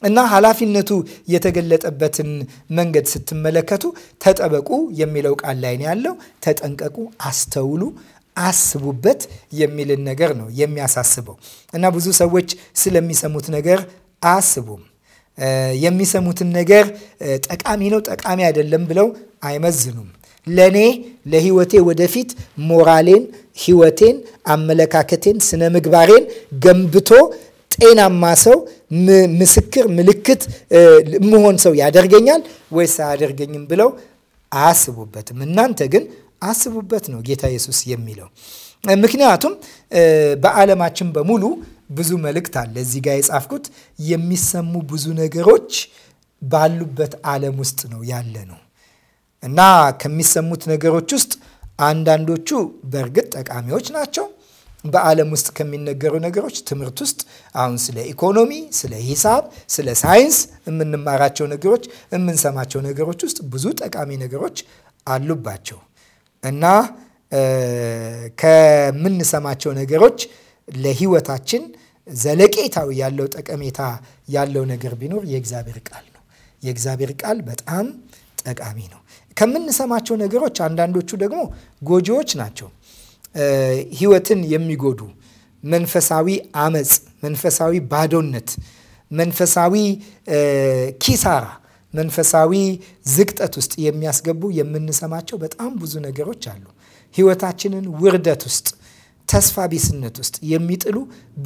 እና ኃላፊነቱ የተገለጠበትን መንገድ ስትመለከቱ ተጠበቁ የሚለው ቃል ላይ ነው ያለው። ተጠንቀቁ፣ አስተውሉ፣ አስቡበት የሚልን ነገር ነው የሚያሳስበው። እና ብዙ ሰዎች ስለሚሰሙት ነገር አያስቡም። የሚሰሙትን ነገር ጠቃሚ ነው፣ ጠቃሚ አይደለም ብለው አይመዝኑም። ለእኔ ለህይወቴ ወደፊት ሞራሌን፣ ህይወቴን አመለካከቴን፣ ስነ ምግባሬን ገንብቶ ጤናማ ሰው ምስክር ምልክት መሆን ሰው ያደርገኛል ወይስ አያደርገኝም ብለው አያስቡበትም። እናንተ ግን አስቡበት ነው ጌታ ኢየሱስ የሚለው። ምክንያቱም በዓለማችን በሙሉ ብዙ መልእክት አለ። እዚህ ጋር የጻፍኩት የሚሰሙ ብዙ ነገሮች ባሉበት ዓለም ውስጥ ነው ያለ ነው እና ከሚሰሙት ነገሮች ውስጥ አንዳንዶቹ በእርግጥ ጠቃሚዎች ናቸው በዓለም ውስጥ ከሚነገሩ ነገሮች ትምህርት ውስጥ አሁን ስለ ኢኮኖሚ፣ ስለ ሂሳብ፣ ስለ ሳይንስ የምንማራቸው ነገሮች፣ የምንሰማቸው ነገሮች ውስጥ ብዙ ጠቃሚ ነገሮች አሉባቸው እና ከምንሰማቸው ነገሮች ለሕይወታችን ዘለቄታዊ ያለው ጠቀሜታ ያለው ነገር ቢኖር የእግዚአብሔር ቃል ነው። የእግዚአብሔር ቃል በጣም ጠቃሚ ነው። ከምንሰማቸው ነገሮች አንዳንዶቹ ደግሞ ጎጂዎች ናቸው። ህይወትን የሚጎዱ መንፈሳዊ አመፅ፣ መንፈሳዊ ባዶነት፣ መንፈሳዊ ኪሳራ፣ መንፈሳዊ ዝቅጠት ውስጥ የሚያስገቡ የምንሰማቸው በጣም ብዙ ነገሮች አሉ። ህይወታችንን ውርደት ውስጥ ተስፋ ቢስነት ውስጥ የሚጥሉ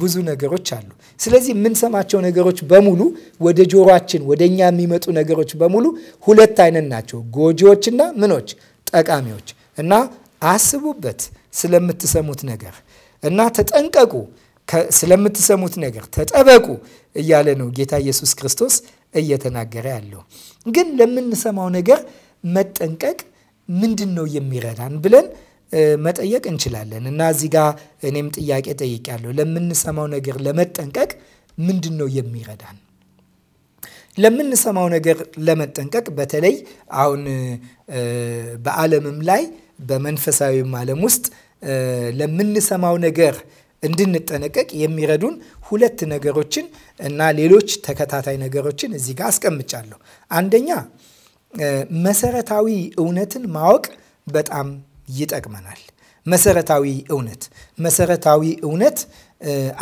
ብዙ ነገሮች አሉ። ስለዚህ የምንሰማቸው ነገሮች በሙሉ ወደ ጆሯችን ወደ እኛ የሚመጡ ነገሮች በሙሉ ሁለት አይነት ናቸው፣ ጎጂዎችና ምኖች ጠቃሚዎች እና አስቡበት። ስለምትሰሙት ነገር እና ተጠንቀቁ ስለምትሰሙት ነገር ተጠበቁ እያለ ነው ጌታ ኢየሱስ ክርስቶስ እየተናገረ ያለው። ግን ለምንሰማው ነገር መጠንቀቅ ምንድን ነው የሚረዳን ብለን መጠየቅ እንችላለን እና እዚህ ጋር እኔም ጥያቄ ጠይቄያለሁ። ለምንሰማው ነገር ለመጠንቀቅ ምንድን ነው የሚረዳን? ለምንሰማው ነገር ለመጠንቀቅ በተለይ አሁን በዓለምም ላይ በመንፈሳዊም ዓለም ውስጥ ለምንሰማው ነገር እንድንጠነቀቅ የሚረዱን ሁለት ነገሮችን እና ሌሎች ተከታታይ ነገሮችን እዚህ ጋር አስቀምጫለሁ። አንደኛ መሰረታዊ እውነትን ማወቅ በጣም ይጠቅመናል። መሰረታዊ እውነት መሰረታዊ እውነት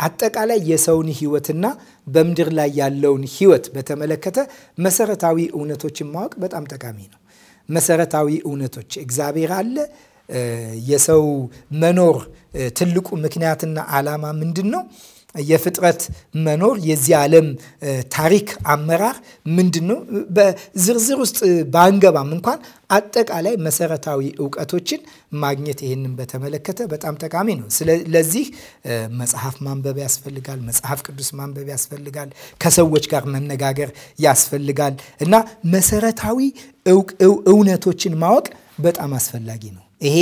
አጠቃላይ የሰውን ህይወትና በምድር ላይ ያለውን ህይወት በተመለከተ መሰረታዊ እውነቶችን ማወቅ በጣም ጠቃሚ ነው። መሰረታዊ እውነቶች እግዚአብሔር አለ የሰው መኖር ትልቁ ምክንያትና ዓላማ ምንድን ነው? የፍጥረት መኖር የዚህ ዓለም ታሪክ አመራር ምንድን ነው? በዝርዝር ውስጥ ባንገባም እንኳን አጠቃላይ መሰረታዊ እውቀቶችን ማግኘት ይህንን በተመለከተ በጣም ጠቃሚ ነው። ለዚህ መጽሐፍ ማንበብ ያስፈልጋል። መጽሐፍ ቅዱስ ማንበብ ያስፈልጋል። ከሰዎች ጋር መነጋገር ያስፈልጋል እና መሰረታዊ እውነቶችን ማወቅ በጣም አስፈላጊ ነው። ይሄ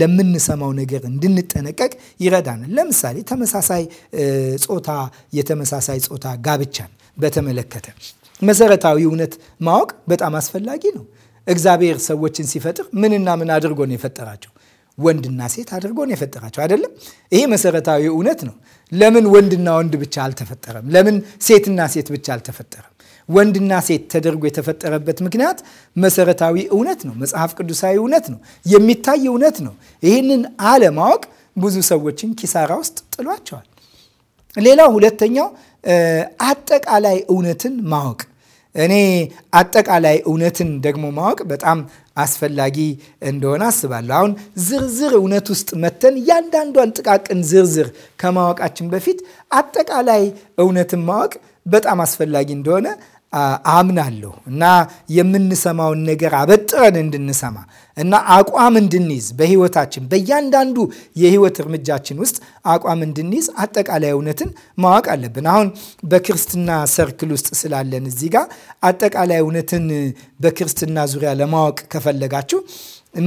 ለምንሰማው ነገር እንድንጠነቀቅ ይረዳናል። ለምሳሌ ተመሳሳይ ጾታ የተመሳሳይ ጾታ ጋብቻን በተመለከተ መሰረታዊ እውነት ማወቅ በጣም አስፈላጊ ነው። እግዚአብሔር ሰዎችን ሲፈጥር ምንና ምን አድርጎ ነው የፈጠራቸው? ወንድና ሴት አድርጎ ነው የፈጠራቸው አይደለም? ይሄ መሰረታዊ እውነት ነው። ለምን ወንድና ወንድ ብቻ አልተፈጠረም? ለምን ሴትና ሴት ብቻ አልተፈጠረም? ወንድና ሴት ተደርጎ የተፈጠረበት ምክንያት መሰረታዊ እውነት ነው። መጽሐፍ ቅዱሳዊ እውነት ነው። የሚታይ እውነት ነው። ይህንን አለማወቅ ብዙ ሰዎችን ኪሳራ ውስጥ ጥሏቸዋል። ሌላው ሁለተኛው አጠቃላይ እውነትን ማወቅ እኔ አጠቃላይ እውነትን ደግሞ ማወቅ በጣም አስፈላጊ እንደሆነ አስባለሁ። አሁን ዝርዝር እውነት ውስጥ መተን እያንዳንዷን ጥቃቅን ዝርዝር ከማወቃችን በፊት አጠቃላይ እውነትን ማወቅ በጣም አስፈላጊ እንደሆነ አምናለሁ እና የምንሰማውን ነገር አበጥረን እንድንሰማ እና አቋም እንድንይዝ በህይወታችን በእያንዳንዱ የህይወት እርምጃችን ውስጥ አቋም እንድንይዝ አጠቃላይ እውነትን ማወቅ አለብን። አሁን በክርስትና ሰርክል ውስጥ ስላለን እዚህ ጋር አጠቃላይ እውነትን በክርስትና ዙሪያ ለማወቅ ከፈለጋችሁ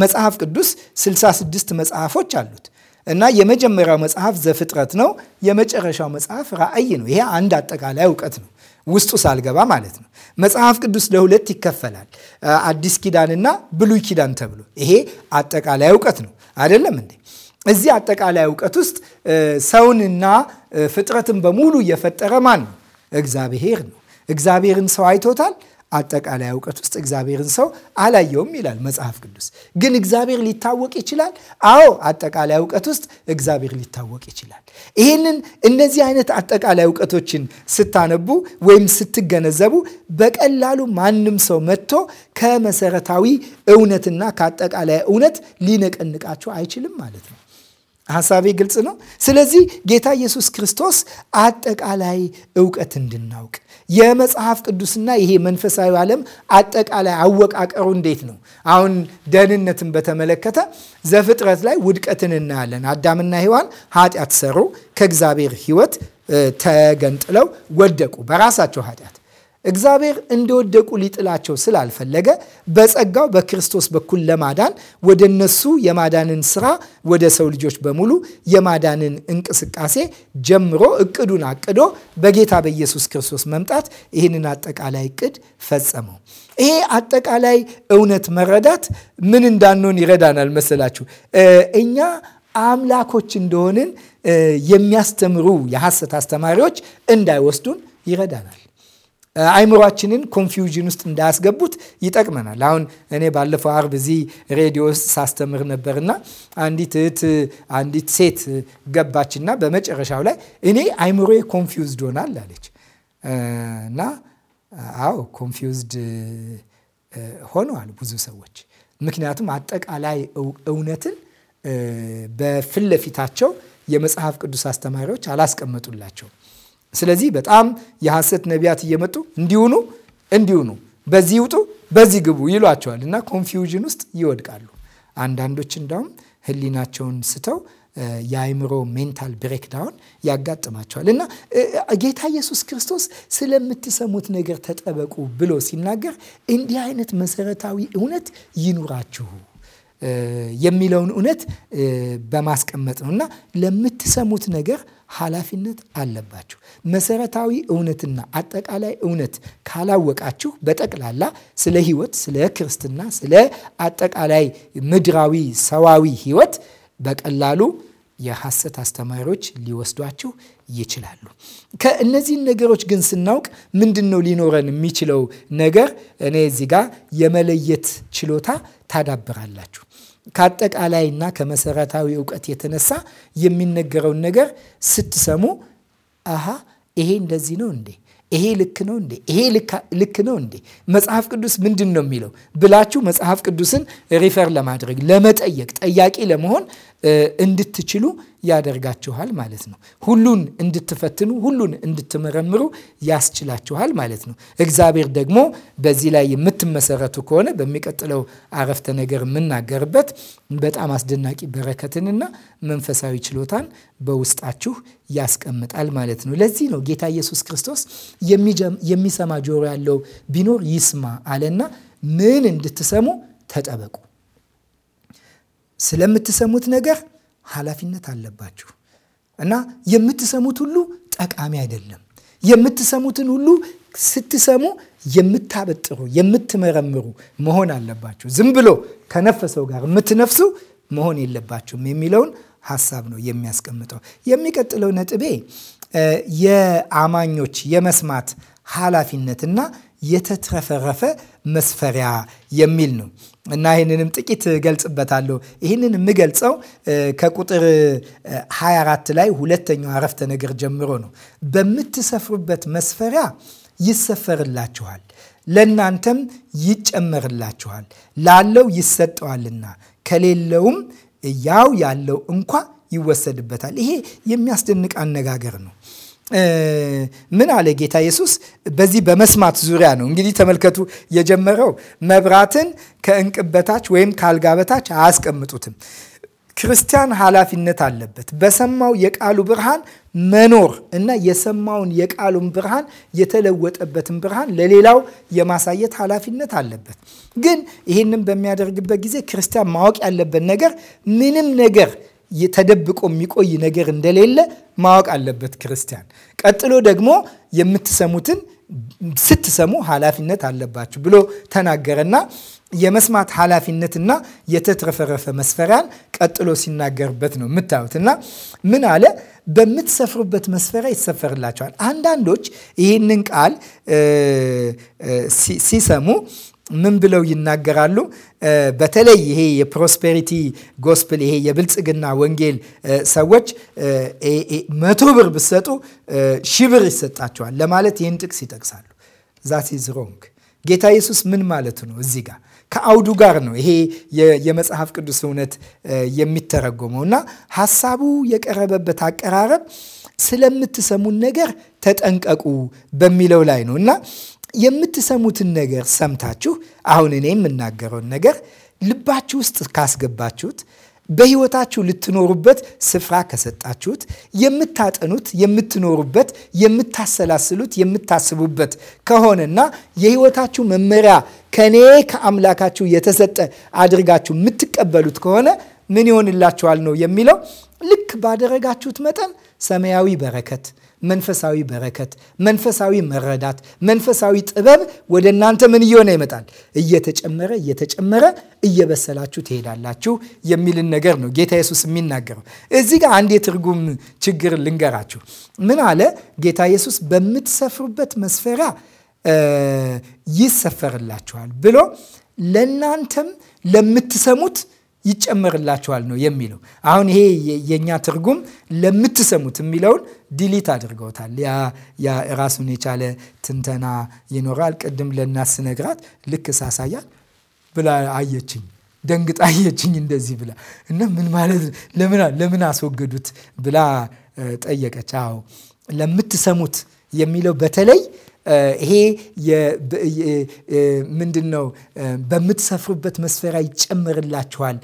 መጽሐፍ ቅዱስ 66 መጽሐፎች አሉት እና የመጀመሪያው መጽሐፍ ዘፍጥረት ነው። የመጨረሻው መጽሐፍ ራእይ ነው። ይሄ አንድ አጠቃላይ እውቀት ነው። ውስጡ ሳልገባ ማለት ነው። መጽሐፍ ቅዱስ ለሁለት ይከፈላል፣ አዲስ ኪዳንና ብሉይ ኪዳን ተብሎ። ይሄ አጠቃላይ እውቀት ነው አይደለም እንዴ? እዚህ አጠቃላይ እውቀት ውስጥ ሰውንና ፍጥረትን በሙሉ የፈጠረ ማን ነው? እግዚአብሔር ነው። እግዚአብሔርን ሰው አይቶታል፣ አጠቃላይ እውቀት ውስጥ እግዚአብሔርን ሰው አላየውም ይላል መጽሐፍ ቅዱስ። ግን እግዚአብሔር ሊታወቅ ይችላል። አዎ አጠቃላይ እውቀት ውስጥ እግዚአብሔር ሊታወቅ ይችላል። ይህንን እነዚህ አይነት አጠቃላይ እውቀቶችን ስታነቡ ወይም ስትገነዘቡ በቀላሉ ማንም ሰው መጥቶ ከመሰረታዊ እውነትና ከአጠቃላይ እውነት ሊነቀንቃቸው አይችልም ማለት ነው። ሀሳቤ ግልጽ ነው። ስለዚህ ጌታ ኢየሱስ ክርስቶስ አጠቃላይ እውቀት እንድናውቅ የመጽሐፍ ቅዱስና ይሄ መንፈሳዊ ዓለም አጠቃላይ አወቃቀሩ እንዴት ነው? አሁን ደህንነትን በተመለከተ ዘፍጥረት ላይ ውድቀትን እናያለን። አዳምና ሔዋን ኃጢአት ሰሩ፣ ከእግዚአብሔር ሕይወት ተገንጥለው ወደቁ በራሳቸው ኃጢአት እግዚአብሔር እንደወደቁ ሊጥላቸው ስላልፈለገ በጸጋው በክርስቶስ በኩል ለማዳን ወደ እነሱ የማዳንን ስራ ወደ ሰው ልጆች በሙሉ የማዳንን እንቅስቃሴ ጀምሮ እቅዱን አቅዶ በጌታ በኢየሱስ ክርስቶስ መምጣት ይህንን አጠቃላይ እቅድ ፈጸመው። ይሄ አጠቃላይ እውነት መረዳት ምን እንዳንሆን ይረዳናል መሰላችሁ? እኛ አምላኮች እንደሆንን የሚያስተምሩ የሐሰት አስተማሪዎች እንዳይወስዱን ይረዳናል። አይምሯችንን ኮንፊውዥን ውስጥ እንዳያስገቡት ይጠቅመናል። አሁን እኔ ባለፈው አርብ እዚህ ሬዲዮ ውስጥ ሳስተምር ነበርና አንዲት እህት አንዲት ሴት ገባችና በመጨረሻው ላይ እኔ አይምሮ ኮንፊውዝድ ሆናል አለች እና አዎ ኮንፊውዝድ ሆነዋል ብዙ ሰዎች ምክንያቱም አጠቃላይ እውነትን በፊት ለፊታቸው የመጽሐፍ ቅዱስ አስተማሪዎች አላስቀመጡላቸውም። ስለዚህ በጣም የሐሰት ነቢያት እየመጡ እንዲሁኑ እንዲሁኑ በዚህ ይውጡ በዚህ ግቡ ይሏቸዋል እና ኮንፊውዥን ውስጥ ይወድቃሉ። አንዳንዶች እንዳውም ህሊናቸውን ስተው የአይምሮ ሜንታል ብሬክዳውን ያጋጥማቸዋል እና ጌታ ኢየሱስ ክርስቶስ ስለምትሰሙት ነገር ተጠበቁ ብሎ ሲናገር እንዲህ አይነት መሰረታዊ እውነት ይኑራችሁ የሚለውን እውነት በማስቀመጥ ነው እና ለምትሰሙት ነገር ኃላፊነት አለባችሁ። መሰረታዊ እውነትና አጠቃላይ እውነት ካላወቃችሁ በጠቅላላ ስለ ህይወት ስለ ክርስትና፣ ስለ አጠቃላይ ምድራዊ ሰዋዊ ህይወት በቀላሉ የሐሰት አስተማሪዎች ሊወስዷችሁ ይችላሉ። ከእነዚህን ነገሮች ግን ስናውቅ ምንድን ነው ሊኖረን የሚችለው ነገር? እኔ እዚህ ጋር የመለየት ችሎታ ታዳብራላችሁ። ከአጠቃላይና ከመሰረታዊ እውቀት የተነሳ የሚነገረውን ነገር ስትሰሙ አሃ ይሄ እንደዚህ ነው እንዴ? ይሄ ልክ ነው እንዴ? ይሄ ልክ ነው እንዴ? መጽሐፍ ቅዱስ ምንድን ነው የሚለው ብላችሁ መጽሐፍ ቅዱስን ሪፈር ለማድረግ ለመጠየቅ ጠያቂ ለመሆን እንድትችሉ ያደርጋችኋል ማለት ነው። ሁሉን እንድትፈትኑ፣ ሁሉን እንድትመረምሩ ያስችላችኋል ማለት ነው። እግዚአብሔር ደግሞ በዚህ ላይ የምትመሰረቱ ከሆነ በሚቀጥለው አረፍተ ነገር የምናገርበት በጣም አስደናቂ በረከትንና መንፈሳዊ ችሎታን በውስጣችሁ ያስቀምጣል ማለት ነው። ለዚህ ነው ጌታ ኢየሱስ ክርስቶስ የሚሰማ ጆሮ ያለው ቢኖር ይስማ አለና ምን እንድትሰሙ ተጠበቁ ስለምትሰሙት ነገር ኃላፊነት አለባችሁ እና የምትሰሙት ሁሉ ጠቃሚ አይደለም። የምትሰሙትን ሁሉ ስትሰሙ የምታበጥሩ የምትመረምሩ መሆን አለባችሁ። ዝም ብሎ ከነፈሰው ጋር የምትነፍሱ መሆን የለባችሁም የሚለውን ሀሳብ ነው የሚያስቀምጠው። የሚቀጥለው ነጥቤ የአማኞች የመስማት ኃላፊነትና የተትረፈረፈ መስፈሪያ የሚል ነው። እና ይህንንም ጥቂት እገልጽበታለሁ። ይህንን የምገልጸው ከቁጥር 24 ላይ ሁለተኛው አረፍተ ነገር ጀምሮ ነው። በምትሰፍሩበት መስፈሪያ ይሰፈርላችኋል፣ ለእናንተም ይጨመርላችኋል። ላለው ይሰጠዋልና ከሌለውም ያው ያለው እንኳ ይወሰድበታል። ይሄ የሚያስደንቅ አነጋገር ነው። ምን አለ ጌታ ኢየሱስ በዚህ በመስማት ዙሪያ ነው እንግዲህ ተመልከቱ የጀመረው መብራትን ከእንቅብ በታች ወይም ከአልጋ በታች አያስቀምጡትም ክርስቲያን ኃላፊነት አለበት በሰማው የቃሉ ብርሃን መኖር እና የሰማውን የቃሉን ብርሃን የተለወጠበትን ብርሃን ለሌላው የማሳየት ኃላፊነት አለበት። ግን ይህንም በሚያደርግበት ጊዜ ክርስቲያን ማወቅ ያለበት ነገር ምንም ነገር ተደብቆ የሚቆይ ነገር እንደሌለ ማወቅ አለበት ክርስቲያን። ቀጥሎ ደግሞ የምትሰሙትን ስትሰሙ ኃላፊነት አለባችሁ ብሎ ተናገረና የመስማት ኃላፊነትና የተትረፈረፈ መስፈሪያን ቀጥሎ ሲናገርበት ነው የምታዩት። እና ምን አለ? በምትሰፍሩበት መስፈሪያ ይሰፈርላቸዋል። አንዳንዶች ይህንን ቃል ሲሰሙ ምን ብለው ይናገራሉ? በተለይ ይሄ የፕሮስፔሪቲ ጎስፕል ይሄ የብልጽግና ወንጌል ሰዎች መቶ ብር ብትሰጡ ሺ ብር ይሰጣቸዋል ለማለት ይህን ጥቅስ ይጠቅሳሉ። ዛት ሮንግ። ጌታ ኢየሱስ ምን ማለት ነው? እዚህ ጋር ከአውዱ ጋር ነው ይሄ የመጽሐፍ ቅዱስ እውነት የሚተረጎመው እና ሀሳቡ የቀረበበት አቀራረብ ስለምትሰሙን ነገር ተጠንቀቁ በሚለው ላይ ነው እና የምትሰሙትን ነገር ሰምታችሁ አሁን እኔ የምናገረውን ነገር ልባችሁ ውስጥ ካስገባችሁት በሕይወታችሁ ልትኖሩበት ስፍራ ከሰጣችሁት የምታጠኑት፣ የምትኖሩበት፣ የምታሰላስሉት፣ የምታስቡበት ከሆነና የሕይወታችሁ መመሪያ ከኔ ከአምላካችሁ የተሰጠ አድርጋችሁ የምትቀበሉት ከሆነ ምን ይሆንላችኋል ነው የሚለው። ልክ ባደረጋችሁት መጠን ሰማያዊ በረከት መንፈሳዊ በረከት፣ መንፈሳዊ መረዳት፣ መንፈሳዊ ጥበብ ወደ እናንተ ምን እየሆነ ይመጣል? እየተጨመረ እየተጨመረ እየበሰላችሁ ትሄዳላችሁ የሚልን ነገር ነው ጌታ ኢየሱስ የሚናገረው። እዚህ ጋር አንድ የትርጉም ችግር ልንገራችሁ። ምን አለ ጌታ ኢየሱስ? በምትሰፍሩበት መስፈሪያ ይሰፈርላችኋል ብሎ ለእናንተም ለምትሰሙት ይጨመርላችኋል ነው የሚለው። አሁን ይሄ የእኛ ትርጉም ለምትሰሙት የሚለውን ዲሊት አድርገውታል። ያ ራሱን የቻለ ትንተና ይኖራል። ቅድም ለእናት ስነግራት ልክ ሳሳያል ብላ አየችኝ፣ ደንግጣ አየችኝ እንደዚህ ብላ እና ምን ማለት ለምን አስወገዱት ብላ ጠየቀች። አዎ ለምትሰሙት የሚለው በተለይ ይሄ ምንድን ነው በምትሰፍሩበት መስፈሪያ ይጨመርላችኋል፣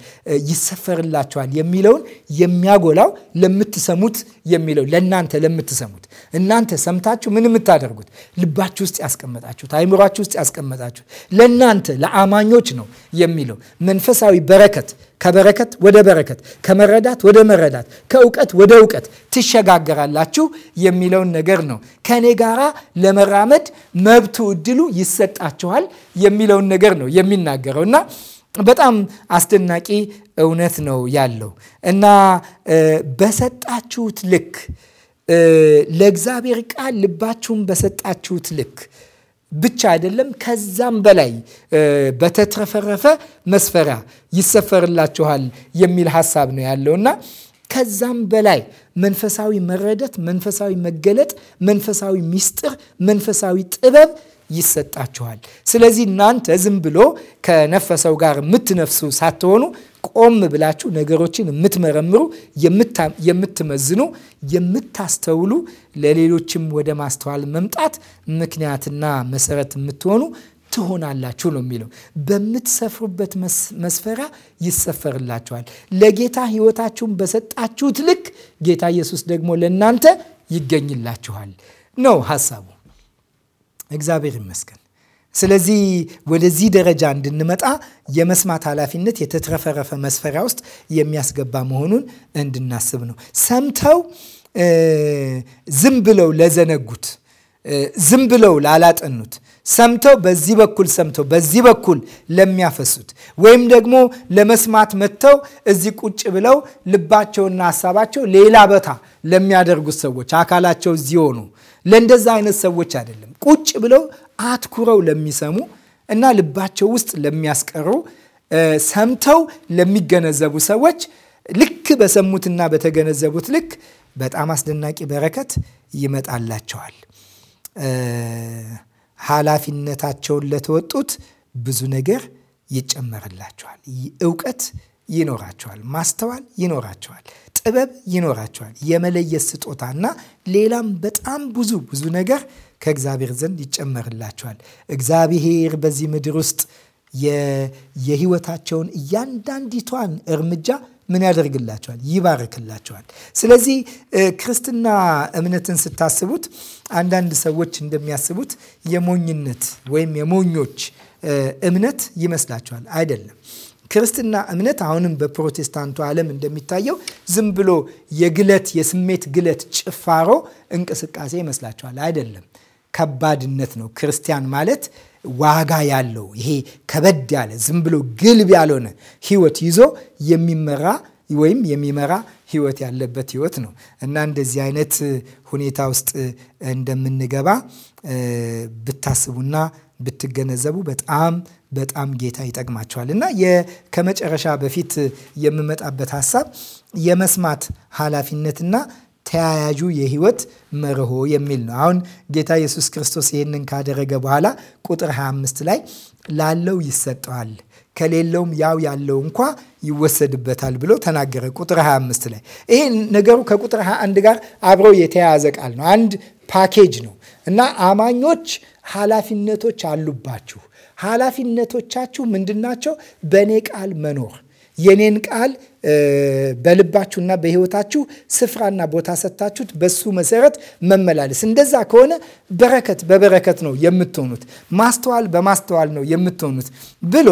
ይሰፈርላችኋል የሚለውን የሚያጎላው ለምትሰሙት የሚለው ለእናንተ ለምትሰሙት እናንተ ሰምታችሁ ምን የምታደርጉት ልባችሁ ውስጥ ያስቀመጣችሁት፣ አይምሯችሁ ውስጥ ያስቀመጣችሁት ለእናንተ ለአማኞች ነው የሚለው መንፈሳዊ በረከት ከበረከት ወደ በረከት ከመረዳት ወደ መረዳት ከእውቀት ወደ እውቀት ትሸጋገራላችሁ የሚለውን ነገር ነው። ከእኔ ጋራ ለመራመድ መብቱ እድሉ ይሰጣችኋል የሚለውን ነገር ነው የሚናገረው እና በጣም አስደናቂ እውነት ነው ያለው እና በሰጣችሁት ልክ ለእግዚአብሔር ቃል ልባችሁን በሰጣችሁት ልክ ብቻ አይደለም ከዛም በላይ በተትረፈረፈ መስፈሪያ ይሰፈርላችኋል የሚል ሀሳብ ነው ያለው እና ከዛም በላይ መንፈሳዊ መረደት፣ መንፈሳዊ መገለጥ፣ መንፈሳዊ ሚስጥር፣ መንፈሳዊ ጥበብ ይሰጣችኋል። ስለዚህ እናንተ ዝም ብሎ ከነፈሰው ጋር የምትነፍሱ ሳትሆኑ ቆም ብላችሁ ነገሮችን የምትመረምሩ፣ የምትመዝኑ፣ የምታስተውሉ ለሌሎችም ወደ ማስተዋል መምጣት ምክንያትና መሰረት የምትሆኑ ትሆናላችሁ ነው የሚለው። በምትሰፍሩበት መስፈሪያ ይሰፈርላችኋል። ለጌታ ሕይወታችሁን በሰጣችሁት ልክ ጌታ ኢየሱስ ደግሞ ለእናንተ ይገኝላችኋል ነው ሀሳቡ። እግዚአብሔር ይመስገን። ስለዚህ ወደዚህ ደረጃ እንድንመጣ የመስማት ኃላፊነት የተትረፈረፈ መስፈሪያ ውስጥ የሚያስገባ መሆኑን እንድናስብ ነው። ሰምተው ዝም ብለው ለዘነጉት፣ ዝም ብለው ላላጠኑት፣ ሰምተው በዚህ በኩል ሰምተው በዚህ በኩል ለሚያፈሱት ወይም ደግሞ ለመስማት መጥተው እዚህ ቁጭ ብለው ልባቸውና ሀሳባቸው ሌላ ቦታ ለሚያደርጉት ሰዎች አካላቸው እዚህ ሆኑ ለእንደዛ አይነት ሰዎች አይደለም ቁጭ ብለው አትኩረው ለሚሰሙ እና ልባቸው ውስጥ ለሚያስቀሩ ሰምተው ለሚገነዘቡ ሰዎች ልክ በሰሙትና በተገነዘቡት ልክ በጣም አስደናቂ በረከት ይመጣላቸዋል። ኃላፊነታቸውን ለተወጡት ብዙ ነገር ይጨመርላቸዋል። እውቀት ይኖራቸዋል፣ ማስተዋል ይኖራቸዋል፣ ጥበብ ይኖራቸዋል፣ የመለየት ስጦታ እና ሌላም በጣም ብዙ ብዙ ነገር ከእግዚአብሔር ዘንድ ይጨመርላቸዋል። እግዚአብሔር በዚህ ምድር ውስጥ የህይወታቸውን እያንዳንዲቷን እርምጃ ምን ያደርግላቸዋል? ይባርክላቸዋል። ስለዚህ ክርስትና እምነትን ስታስቡት አንዳንድ ሰዎች እንደሚያስቡት የሞኝነት ወይም የሞኞች እምነት ይመስላቸዋል። አይደለም። ክርስትና እምነት አሁንም በፕሮቴስታንቱ ዓለም እንደሚታየው ዝም ብሎ የግለት የስሜት ግለት ጭፋሮ እንቅስቃሴ ይመስላቸዋል። አይደለም። ከባድነት ነው። ክርስቲያን ማለት ዋጋ ያለው ይሄ ከበድ ያለ ዝም ብሎ ግልብ ያልሆነ ህይወት ይዞ የሚመራ ወይም የሚመራ ህይወት ያለበት ህይወት ነው እና እንደዚህ አይነት ሁኔታ ውስጥ እንደምንገባ ብታስቡና ብትገነዘቡ በጣም በጣም ጌታ ይጠቅማቸዋል። እና ከመጨረሻ በፊት የምመጣበት ሀሳብ የመስማት ኃላፊነትና ተያያዡ የህይወት መርሆ የሚል ነው። አሁን ጌታ ኢየሱስ ክርስቶስ ይህንን ካደረገ በኋላ ቁጥር 25 ላይ ላለው ይሰጠዋል ከሌለውም ያው ያለው እንኳ ይወሰድበታል ብሎ ተናገረ። ቁጥር 25 ላይ ይሄ ነገሩ ከቁጥር 21 ጋር አብረው የተያያዘ ቃል ነው። አንድ ፓኬጅ ነው እና አማኞች ኃላፊነቶች አሉባችሁ። ኃላፊነቶቻችሁ ምንድናቸው? በእኔ ቃል መኖር የኔን ቃል በልባችሁና በህይወታችሁ ስፍራና ቦታ ሰጥታችሁት በሱ መሰረት መመላለስ። እንደዛ ከሆነ በረከት በበረከት ነው የምትሆኑት፣ ማስተዋል በማስተዋል ነው የምትሆኑት ብሎ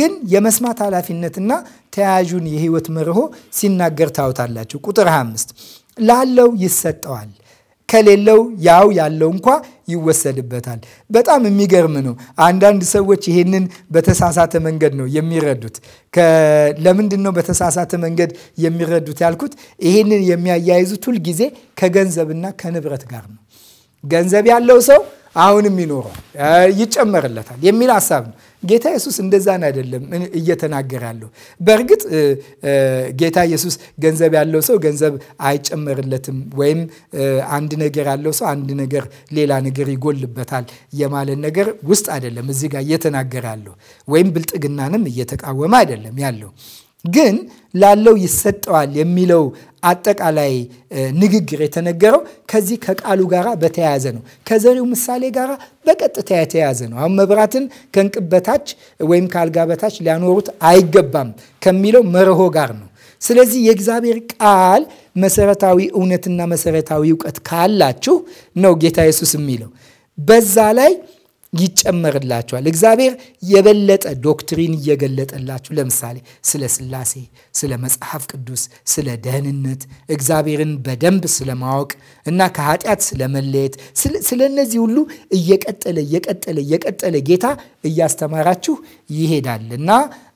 ግን የመስማት ኃላፊነትና ተያያዡን የህይወት መርሆ ሲናገር ታውታላችሁ። ቁጥር 25 ላለው ይሰጠዋል ከሌለው ያው ያለው እንኳ ይወሰድበታል። በጣም የሚገርም ነው። አንዳንድ ሰዎች ይህንን በተሳሳተ መንገድ ነው የሚረዱት። ለምንድን ነው በተሳሳተ መንገድ የሚረዱት ያልኩት? ይህንን የሚያያይዙት ሁልጊዜ ከገንዘብና ከንብረት ጋር ነው። ገንዘብ ያለው ሰው አሁንም ይኖረዋል፣ ይጨመርለታል የሚል ሀሳብ ነው። ጌታ ኢየሱስ እንደዛን አይደለም እየተናገራለሁ። በእርግጥ ጌታ ኢየሱስ ገንዘብ ያለው ሰው ገንዘብ አይጨመርለትም ወይም አንድ ነገር ያለው ሰው አንድ ነገር ሌላ ነገር ይጎልበታል የማለን ነገር ውስጥ አይደለም እዚህ ጋር እየተናገራለሁ ወይም ብልጥግናንም እየተቃወመ አይደለም ያለው ግን ላለው ይሰጠዋል የሚለው አጠቃላይ ንግግር የተነገረው ከዚህ ከቃሉ ጋር በተያያዘ ነው። ከዘሪው ምሳሌ ጋር በቀጥታ የተያያዘ ነው። አሁን መብራትን ከእንቅብ በታች ወይም ከአልጋ በታች ሊያኖሩት አይገባም ከሚለው መርሆ ጋር ነው። ስለዚህ የእግዚአብሔር ቃል መሰረታዊ እውነትና መሰረታዊ እውቀት ካላችሁ ነው ጌታ ኢየሱስ የሚለው በዛ ላይ ይጨመርላችኋል። እግዚአብሔር የበለጠ ዶክትሪን እየገለጠላችሁ፣ ለምሳሌ ስለ ስላሴ፣ ስለ መጽሐፍ ቅዱስ፣ ስለ ደህንነት፣ እግዚአብሔርን በደንብ ስለማወቅ እና ከኃጢአት ስለመለየት ስለ እነዚህ ሁሉ እየቀጠለ እየቀጠለ እየቀጠለ ጌታ እያስተማራችሁ ይሄዳል እና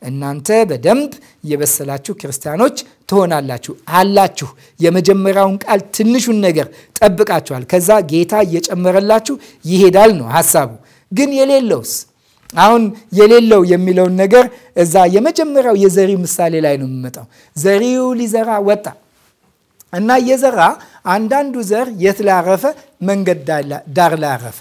እናንተ በደንብ የበሰላችሁ ክርስቲያኖች ትሆናላችሁ አላችሁ። የመጀመሪያውን ቃል ትንሹን ነገር ጠብቃችኋል። ከዛ ጌታ እየጨመረላችሁ ይሄዳል ነው ሀሳቡ። ግን የሌለውስ አሁን የሌለው የሚለውን ነገር እዛ የመጀመሪያው የዘሪው ምሳሌ ላይ ነው የምመጣው። ዘሪው ሊዘራ ወጣ እና የዘራ አንዳንዱ ዘር የት ላይ አረፈ? መንገድ ዳር ላይ አረፈ።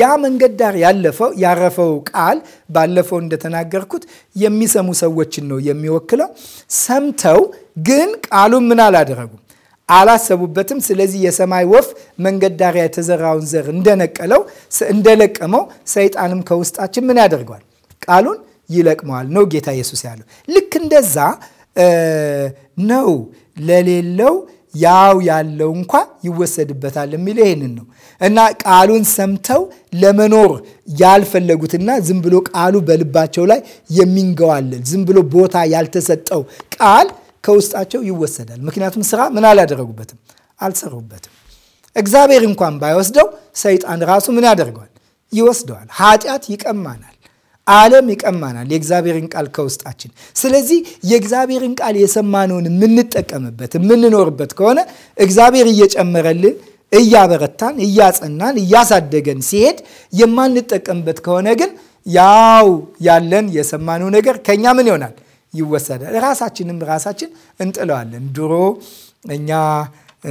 ያ መንገድ ዳር ያለፈው ያረፈው ቃል ባለፈው እንደተናገርኩት የሚሰሙ ሰዎችን ነው የሚወክለው። ሰምተው ግን ቃሉን ምን አላደረጉም አላሰቡበትም። ስለዚህ የሰማይ ወፍ መንገድ ዳሪያ የተዘራውን ዘር እንደነቀለው እንደለቀመው ሰይጣንም ከውስጣችን ምን ያደርገዋል? ቃሉን ይለቅመዋል ነው ጌታ ኢየሱስ ያለው። ልክ እንደዛ ነው ለሌለው ያው ያለው እንኳ ይወሰድበታል የሚለው ይህንን ነው እና ቃሉን ሰምተው ለመኖር ያልፈለጉትና ዝም ብሎ ቃሉ በልባቸው ላይ የሚንገዋለል ዝም ብሎ ቦታ ያልተሰጠው ቃል ከውስጣቸው ይወሰዳል። ምክንያቱም ስራ ምን አላደረጉበትም፣ አልሰሩበትም። እግዚአብሔር እንኳን ባይወስደው ሰይጣን ራሱ ምን ያደርገዋል? ይወስደዋል። ኃጢአት ይቀማናል፣ ዓለም ይቀማናል የእግዚአብሔርን ቃል ከውስጣችን። ስለዚህ የእግዚአብሔርን ቃል የሰማነውን የምንጠቀምበት የምንኖርበት ከሆነ እግዚአብሔር እየጨመረልን እያበረታን እያጸናን እያሳደገን ሲሄድ የማንጠቀምበት ከሆነ ግን ያው ያለን የሰማነው ነገር ከኛ ምን ይሆናል ይወሰዳል። ራሳችንም ራሳችን እንጥለዋለን። ድሮ እኛ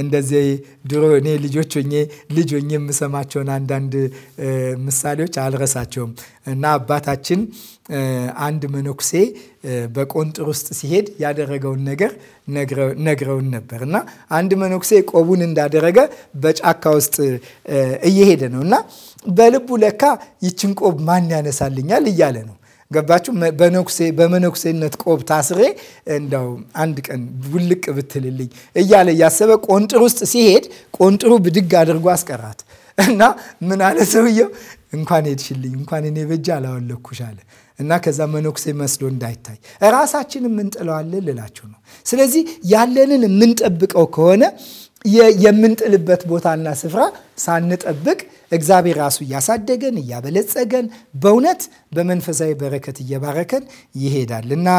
እንደዚህ ድሮ እኔ ልጆች ሆኜ ልጅ ሆኜ የምሰማቸውን አንዳንድ ምሳሌዎች አልረሳቸውም እና አባታችን አንድ መነኩሴ በቆንጥር ውስጥ ሲሄድ ያደረገውን ነገር ነግረውን ነበር እና አንድ መነኩሴ ቆቡን እንዳደረገ በጫካ ውስጥ እየሄደ ነው እና በልቡ ለካ ይችን ቆብ ማን ያነሳልኛል እያለ ነው ገባችሁ? በነኩሴ በመነኩሴነት ቆብ ታስሬ እንዳው አንድ ቀን ውልቅ ብትልልኝ እያለ እያሰበ ቆንጥር ውስጥ ሲሄድ ቆንጥሩ ብድግ አድርጎ አስቀራት እና ምን አለ ሰውየው፣ እንኳን ሄድሽልኝ፣ እንኳን እኔ በጃ አላወለኩሽ አለ። እና ከዛ መነኩሴ መስሎ እንዳይታይ ራሳችን የምንጥለዋለን ልላችሁ ነው። ስለዚህ ያለንን የምንጠብቀው ከሆነ የምንጥልበት ቦታና ስፍራ ሳንጠብቅ እግዚአብሔር ራሱ እያሳደገን እያበለጸገን በእውነት በመንፈሳዊ በረከት እየባረከን ይሄዳል እና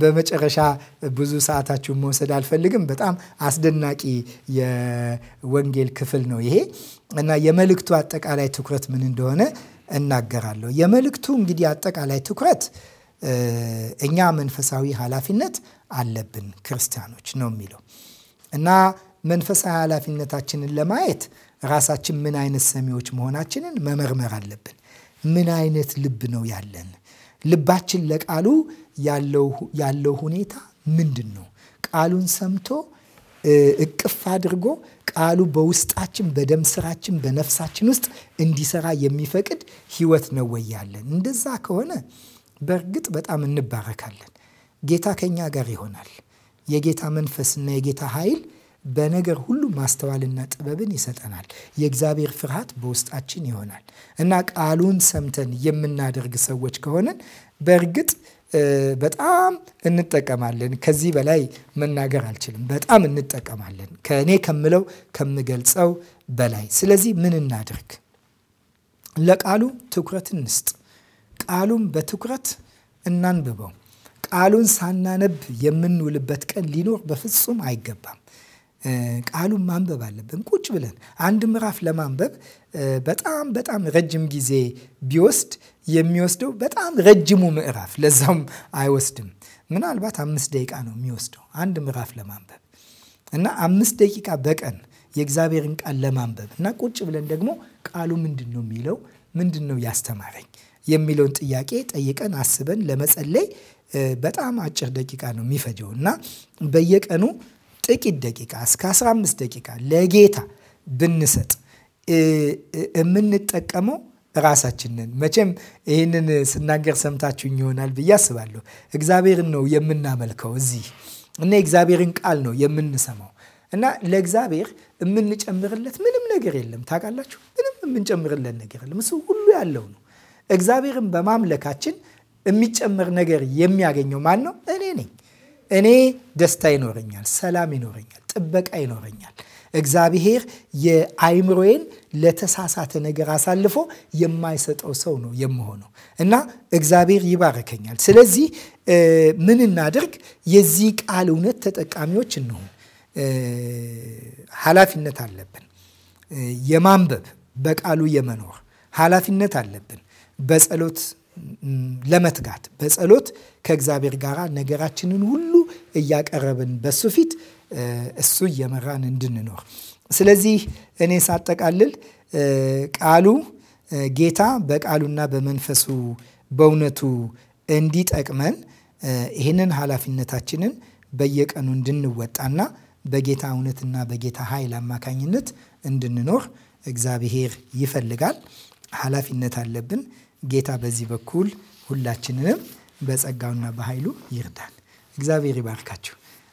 በመጨረሻ ብዙ ሰዓታችሁን መውሰድ አልፈልግም። በጣም አስደናቂ የወንጌል ክፍል ነው ይሄ እና የመልእክቱ አጠቃላይ ትኩረት ምን እንደሆነ እናገራለሁ። የመልእክቱ እንግዲህ አጠቃላይ ትኩረት እኛ መንፈሳዊ ኃላፊነት አለብን ክርስቲያኖች ነው የሚለው እና መንፈሳዊ ኃላፊነታችንን ለማየት ራሳችን ምን አይነት ሰሚዎች መሆናችንን መመርመር አለብን። ምን አይነት ልብ ነው ያለን? ልባችን ለቃሉ ያለው ሁኔታ ምንድን ነው? ቃሉን ሰምቶ እቅፍ አድርጎ ቃሉ በውስጣችን በደም ስራችን በነፍሳችን ውስጥ እንዲሰራ የሚፈቅድ ህይወት ነው ወይ ያለን? እንደዛ ከሆነ በእርግጥ በጣም እንባረካለን። ጌታ ከኛ ጋር ይሆናል። የጌታ መንፈስና የጌታ ኃይል በነገር ሁሉ ማስተዋልና ጥበብን ይሰጠናል። የእግዚአብሔር ፍርሃት በውስጣችን ይሆናል እና ቃሉን ሰምተን የምናደርግ ሰዎች ከሆነን በእርግጥ በጣም እንጠቀማለን። ከዚህ በላይ መናገር አልችልም። በጣም እንጠቀማለን፣ ከእኔ ከምለው ከምገልጸው በላይ። ስለዚህ ምን እናድርግ? ለቃሉ ትኩረት እንስጥ። ቃሉን በትኩረት እናንብበው። ቃሉን ሳናነብ የምንውልበት ቀን ሊኖር በፍጹም አይገባም። ቃሉን ማንበብ አለብን። ቁጭ ብለን አንድ ምዕራፍ ለማንበብ በጣም በጣም ረጅም ጊዜ ቢወስድ የሚወስደው በጣም ረጅሙ ምዕራፍ ለዛም አይወስድም። ምናልባት አምስት ደቂቃ ነው የሚወስደው አንድ ምዕራፍ ለማንበብ እና አምስት ደቂቃ በቀን የእግዚአብሔርን ቃል ለማንበብ እና ቁጭ ብለን ደግሞ ቃሉ ምንድን ነው የሚለው ምንድን ነው ያስተማረኝ የሚለውን ጥያቄ ጠይቀን አስበን ለመጸለይ በጣም አጭር ደቂቃ ነው የሚፈጀው እና በየቀኑ ጥቂት ደቂቃ እስከ 15 ደቂቃ ለጌታ ብንሰጥ የምንጠቀመው ራሳችንን መቼም ይህንን ስናገር ሰምታችሁኝ ይሆናል ብዬ አስባለሁ። እግዚአብሔርን ነው የምናመልከው እዚህ እና የእግዚአብሔርን ቃል ነው የምንሰማው እና ለእግዚአብሔር የምንጨምርለት ምንም ነገር የለም። ታውቃላችሁ፣ ምንም የምንጨምርለት ነገር የለም። እሱ ሁሉ ያለው ነው። እግዚአብሔርን በማምለካችን የሚጨምር ነገር የሚያገኘው ማን ነው? እኔ ነኝ። እኔ ደስታ ይኖረኛል፣ ሰላም ይኖረኛል፣ ጥበቃ ይኖረኛል። እግዚአብሔር የአይምሮዬን ለተሳሳተ ነገር አሳልፎ የማይሰጠው ሰው ነው የምሆነው እና እግዚአብሔር ይባረከኛል። ስለዚህ ምን እናድርግ? የዚህ ቃል እውነት ተጠቃሚዎች እንሁን። ኃላፊነት አለብን። የማንበብ በቃሉ የመኖር ኃላፊነት አለብን። በጸሎት ለመትጋት በጸሎት ከእግዚአብሔር ጋር ነገራችንን ሁሉ እያቀረብን በሱ ፊት እሱ እየመራን እንድንኖር። ስለዚህ እኔ ሳጠቃልል ቃሉ ጌታ በቃሉና በመንፈሱ በእውነቱ እንዲጠቅመን ይህንን ኃላፊነታችንን በየቀኑ እንድንወጣና በጌታ እውነትና በጌታ ኃይል አማካኝነት እንድንኖር እግዚአብሔር ይፈልጋል። ኃላፊነት አለብን። ጌታ በዚህ በኩል ሁላችንንም በጸጋውና በኃይሉ ይርዳል። እግዚአብሔር ይባርካችሁ።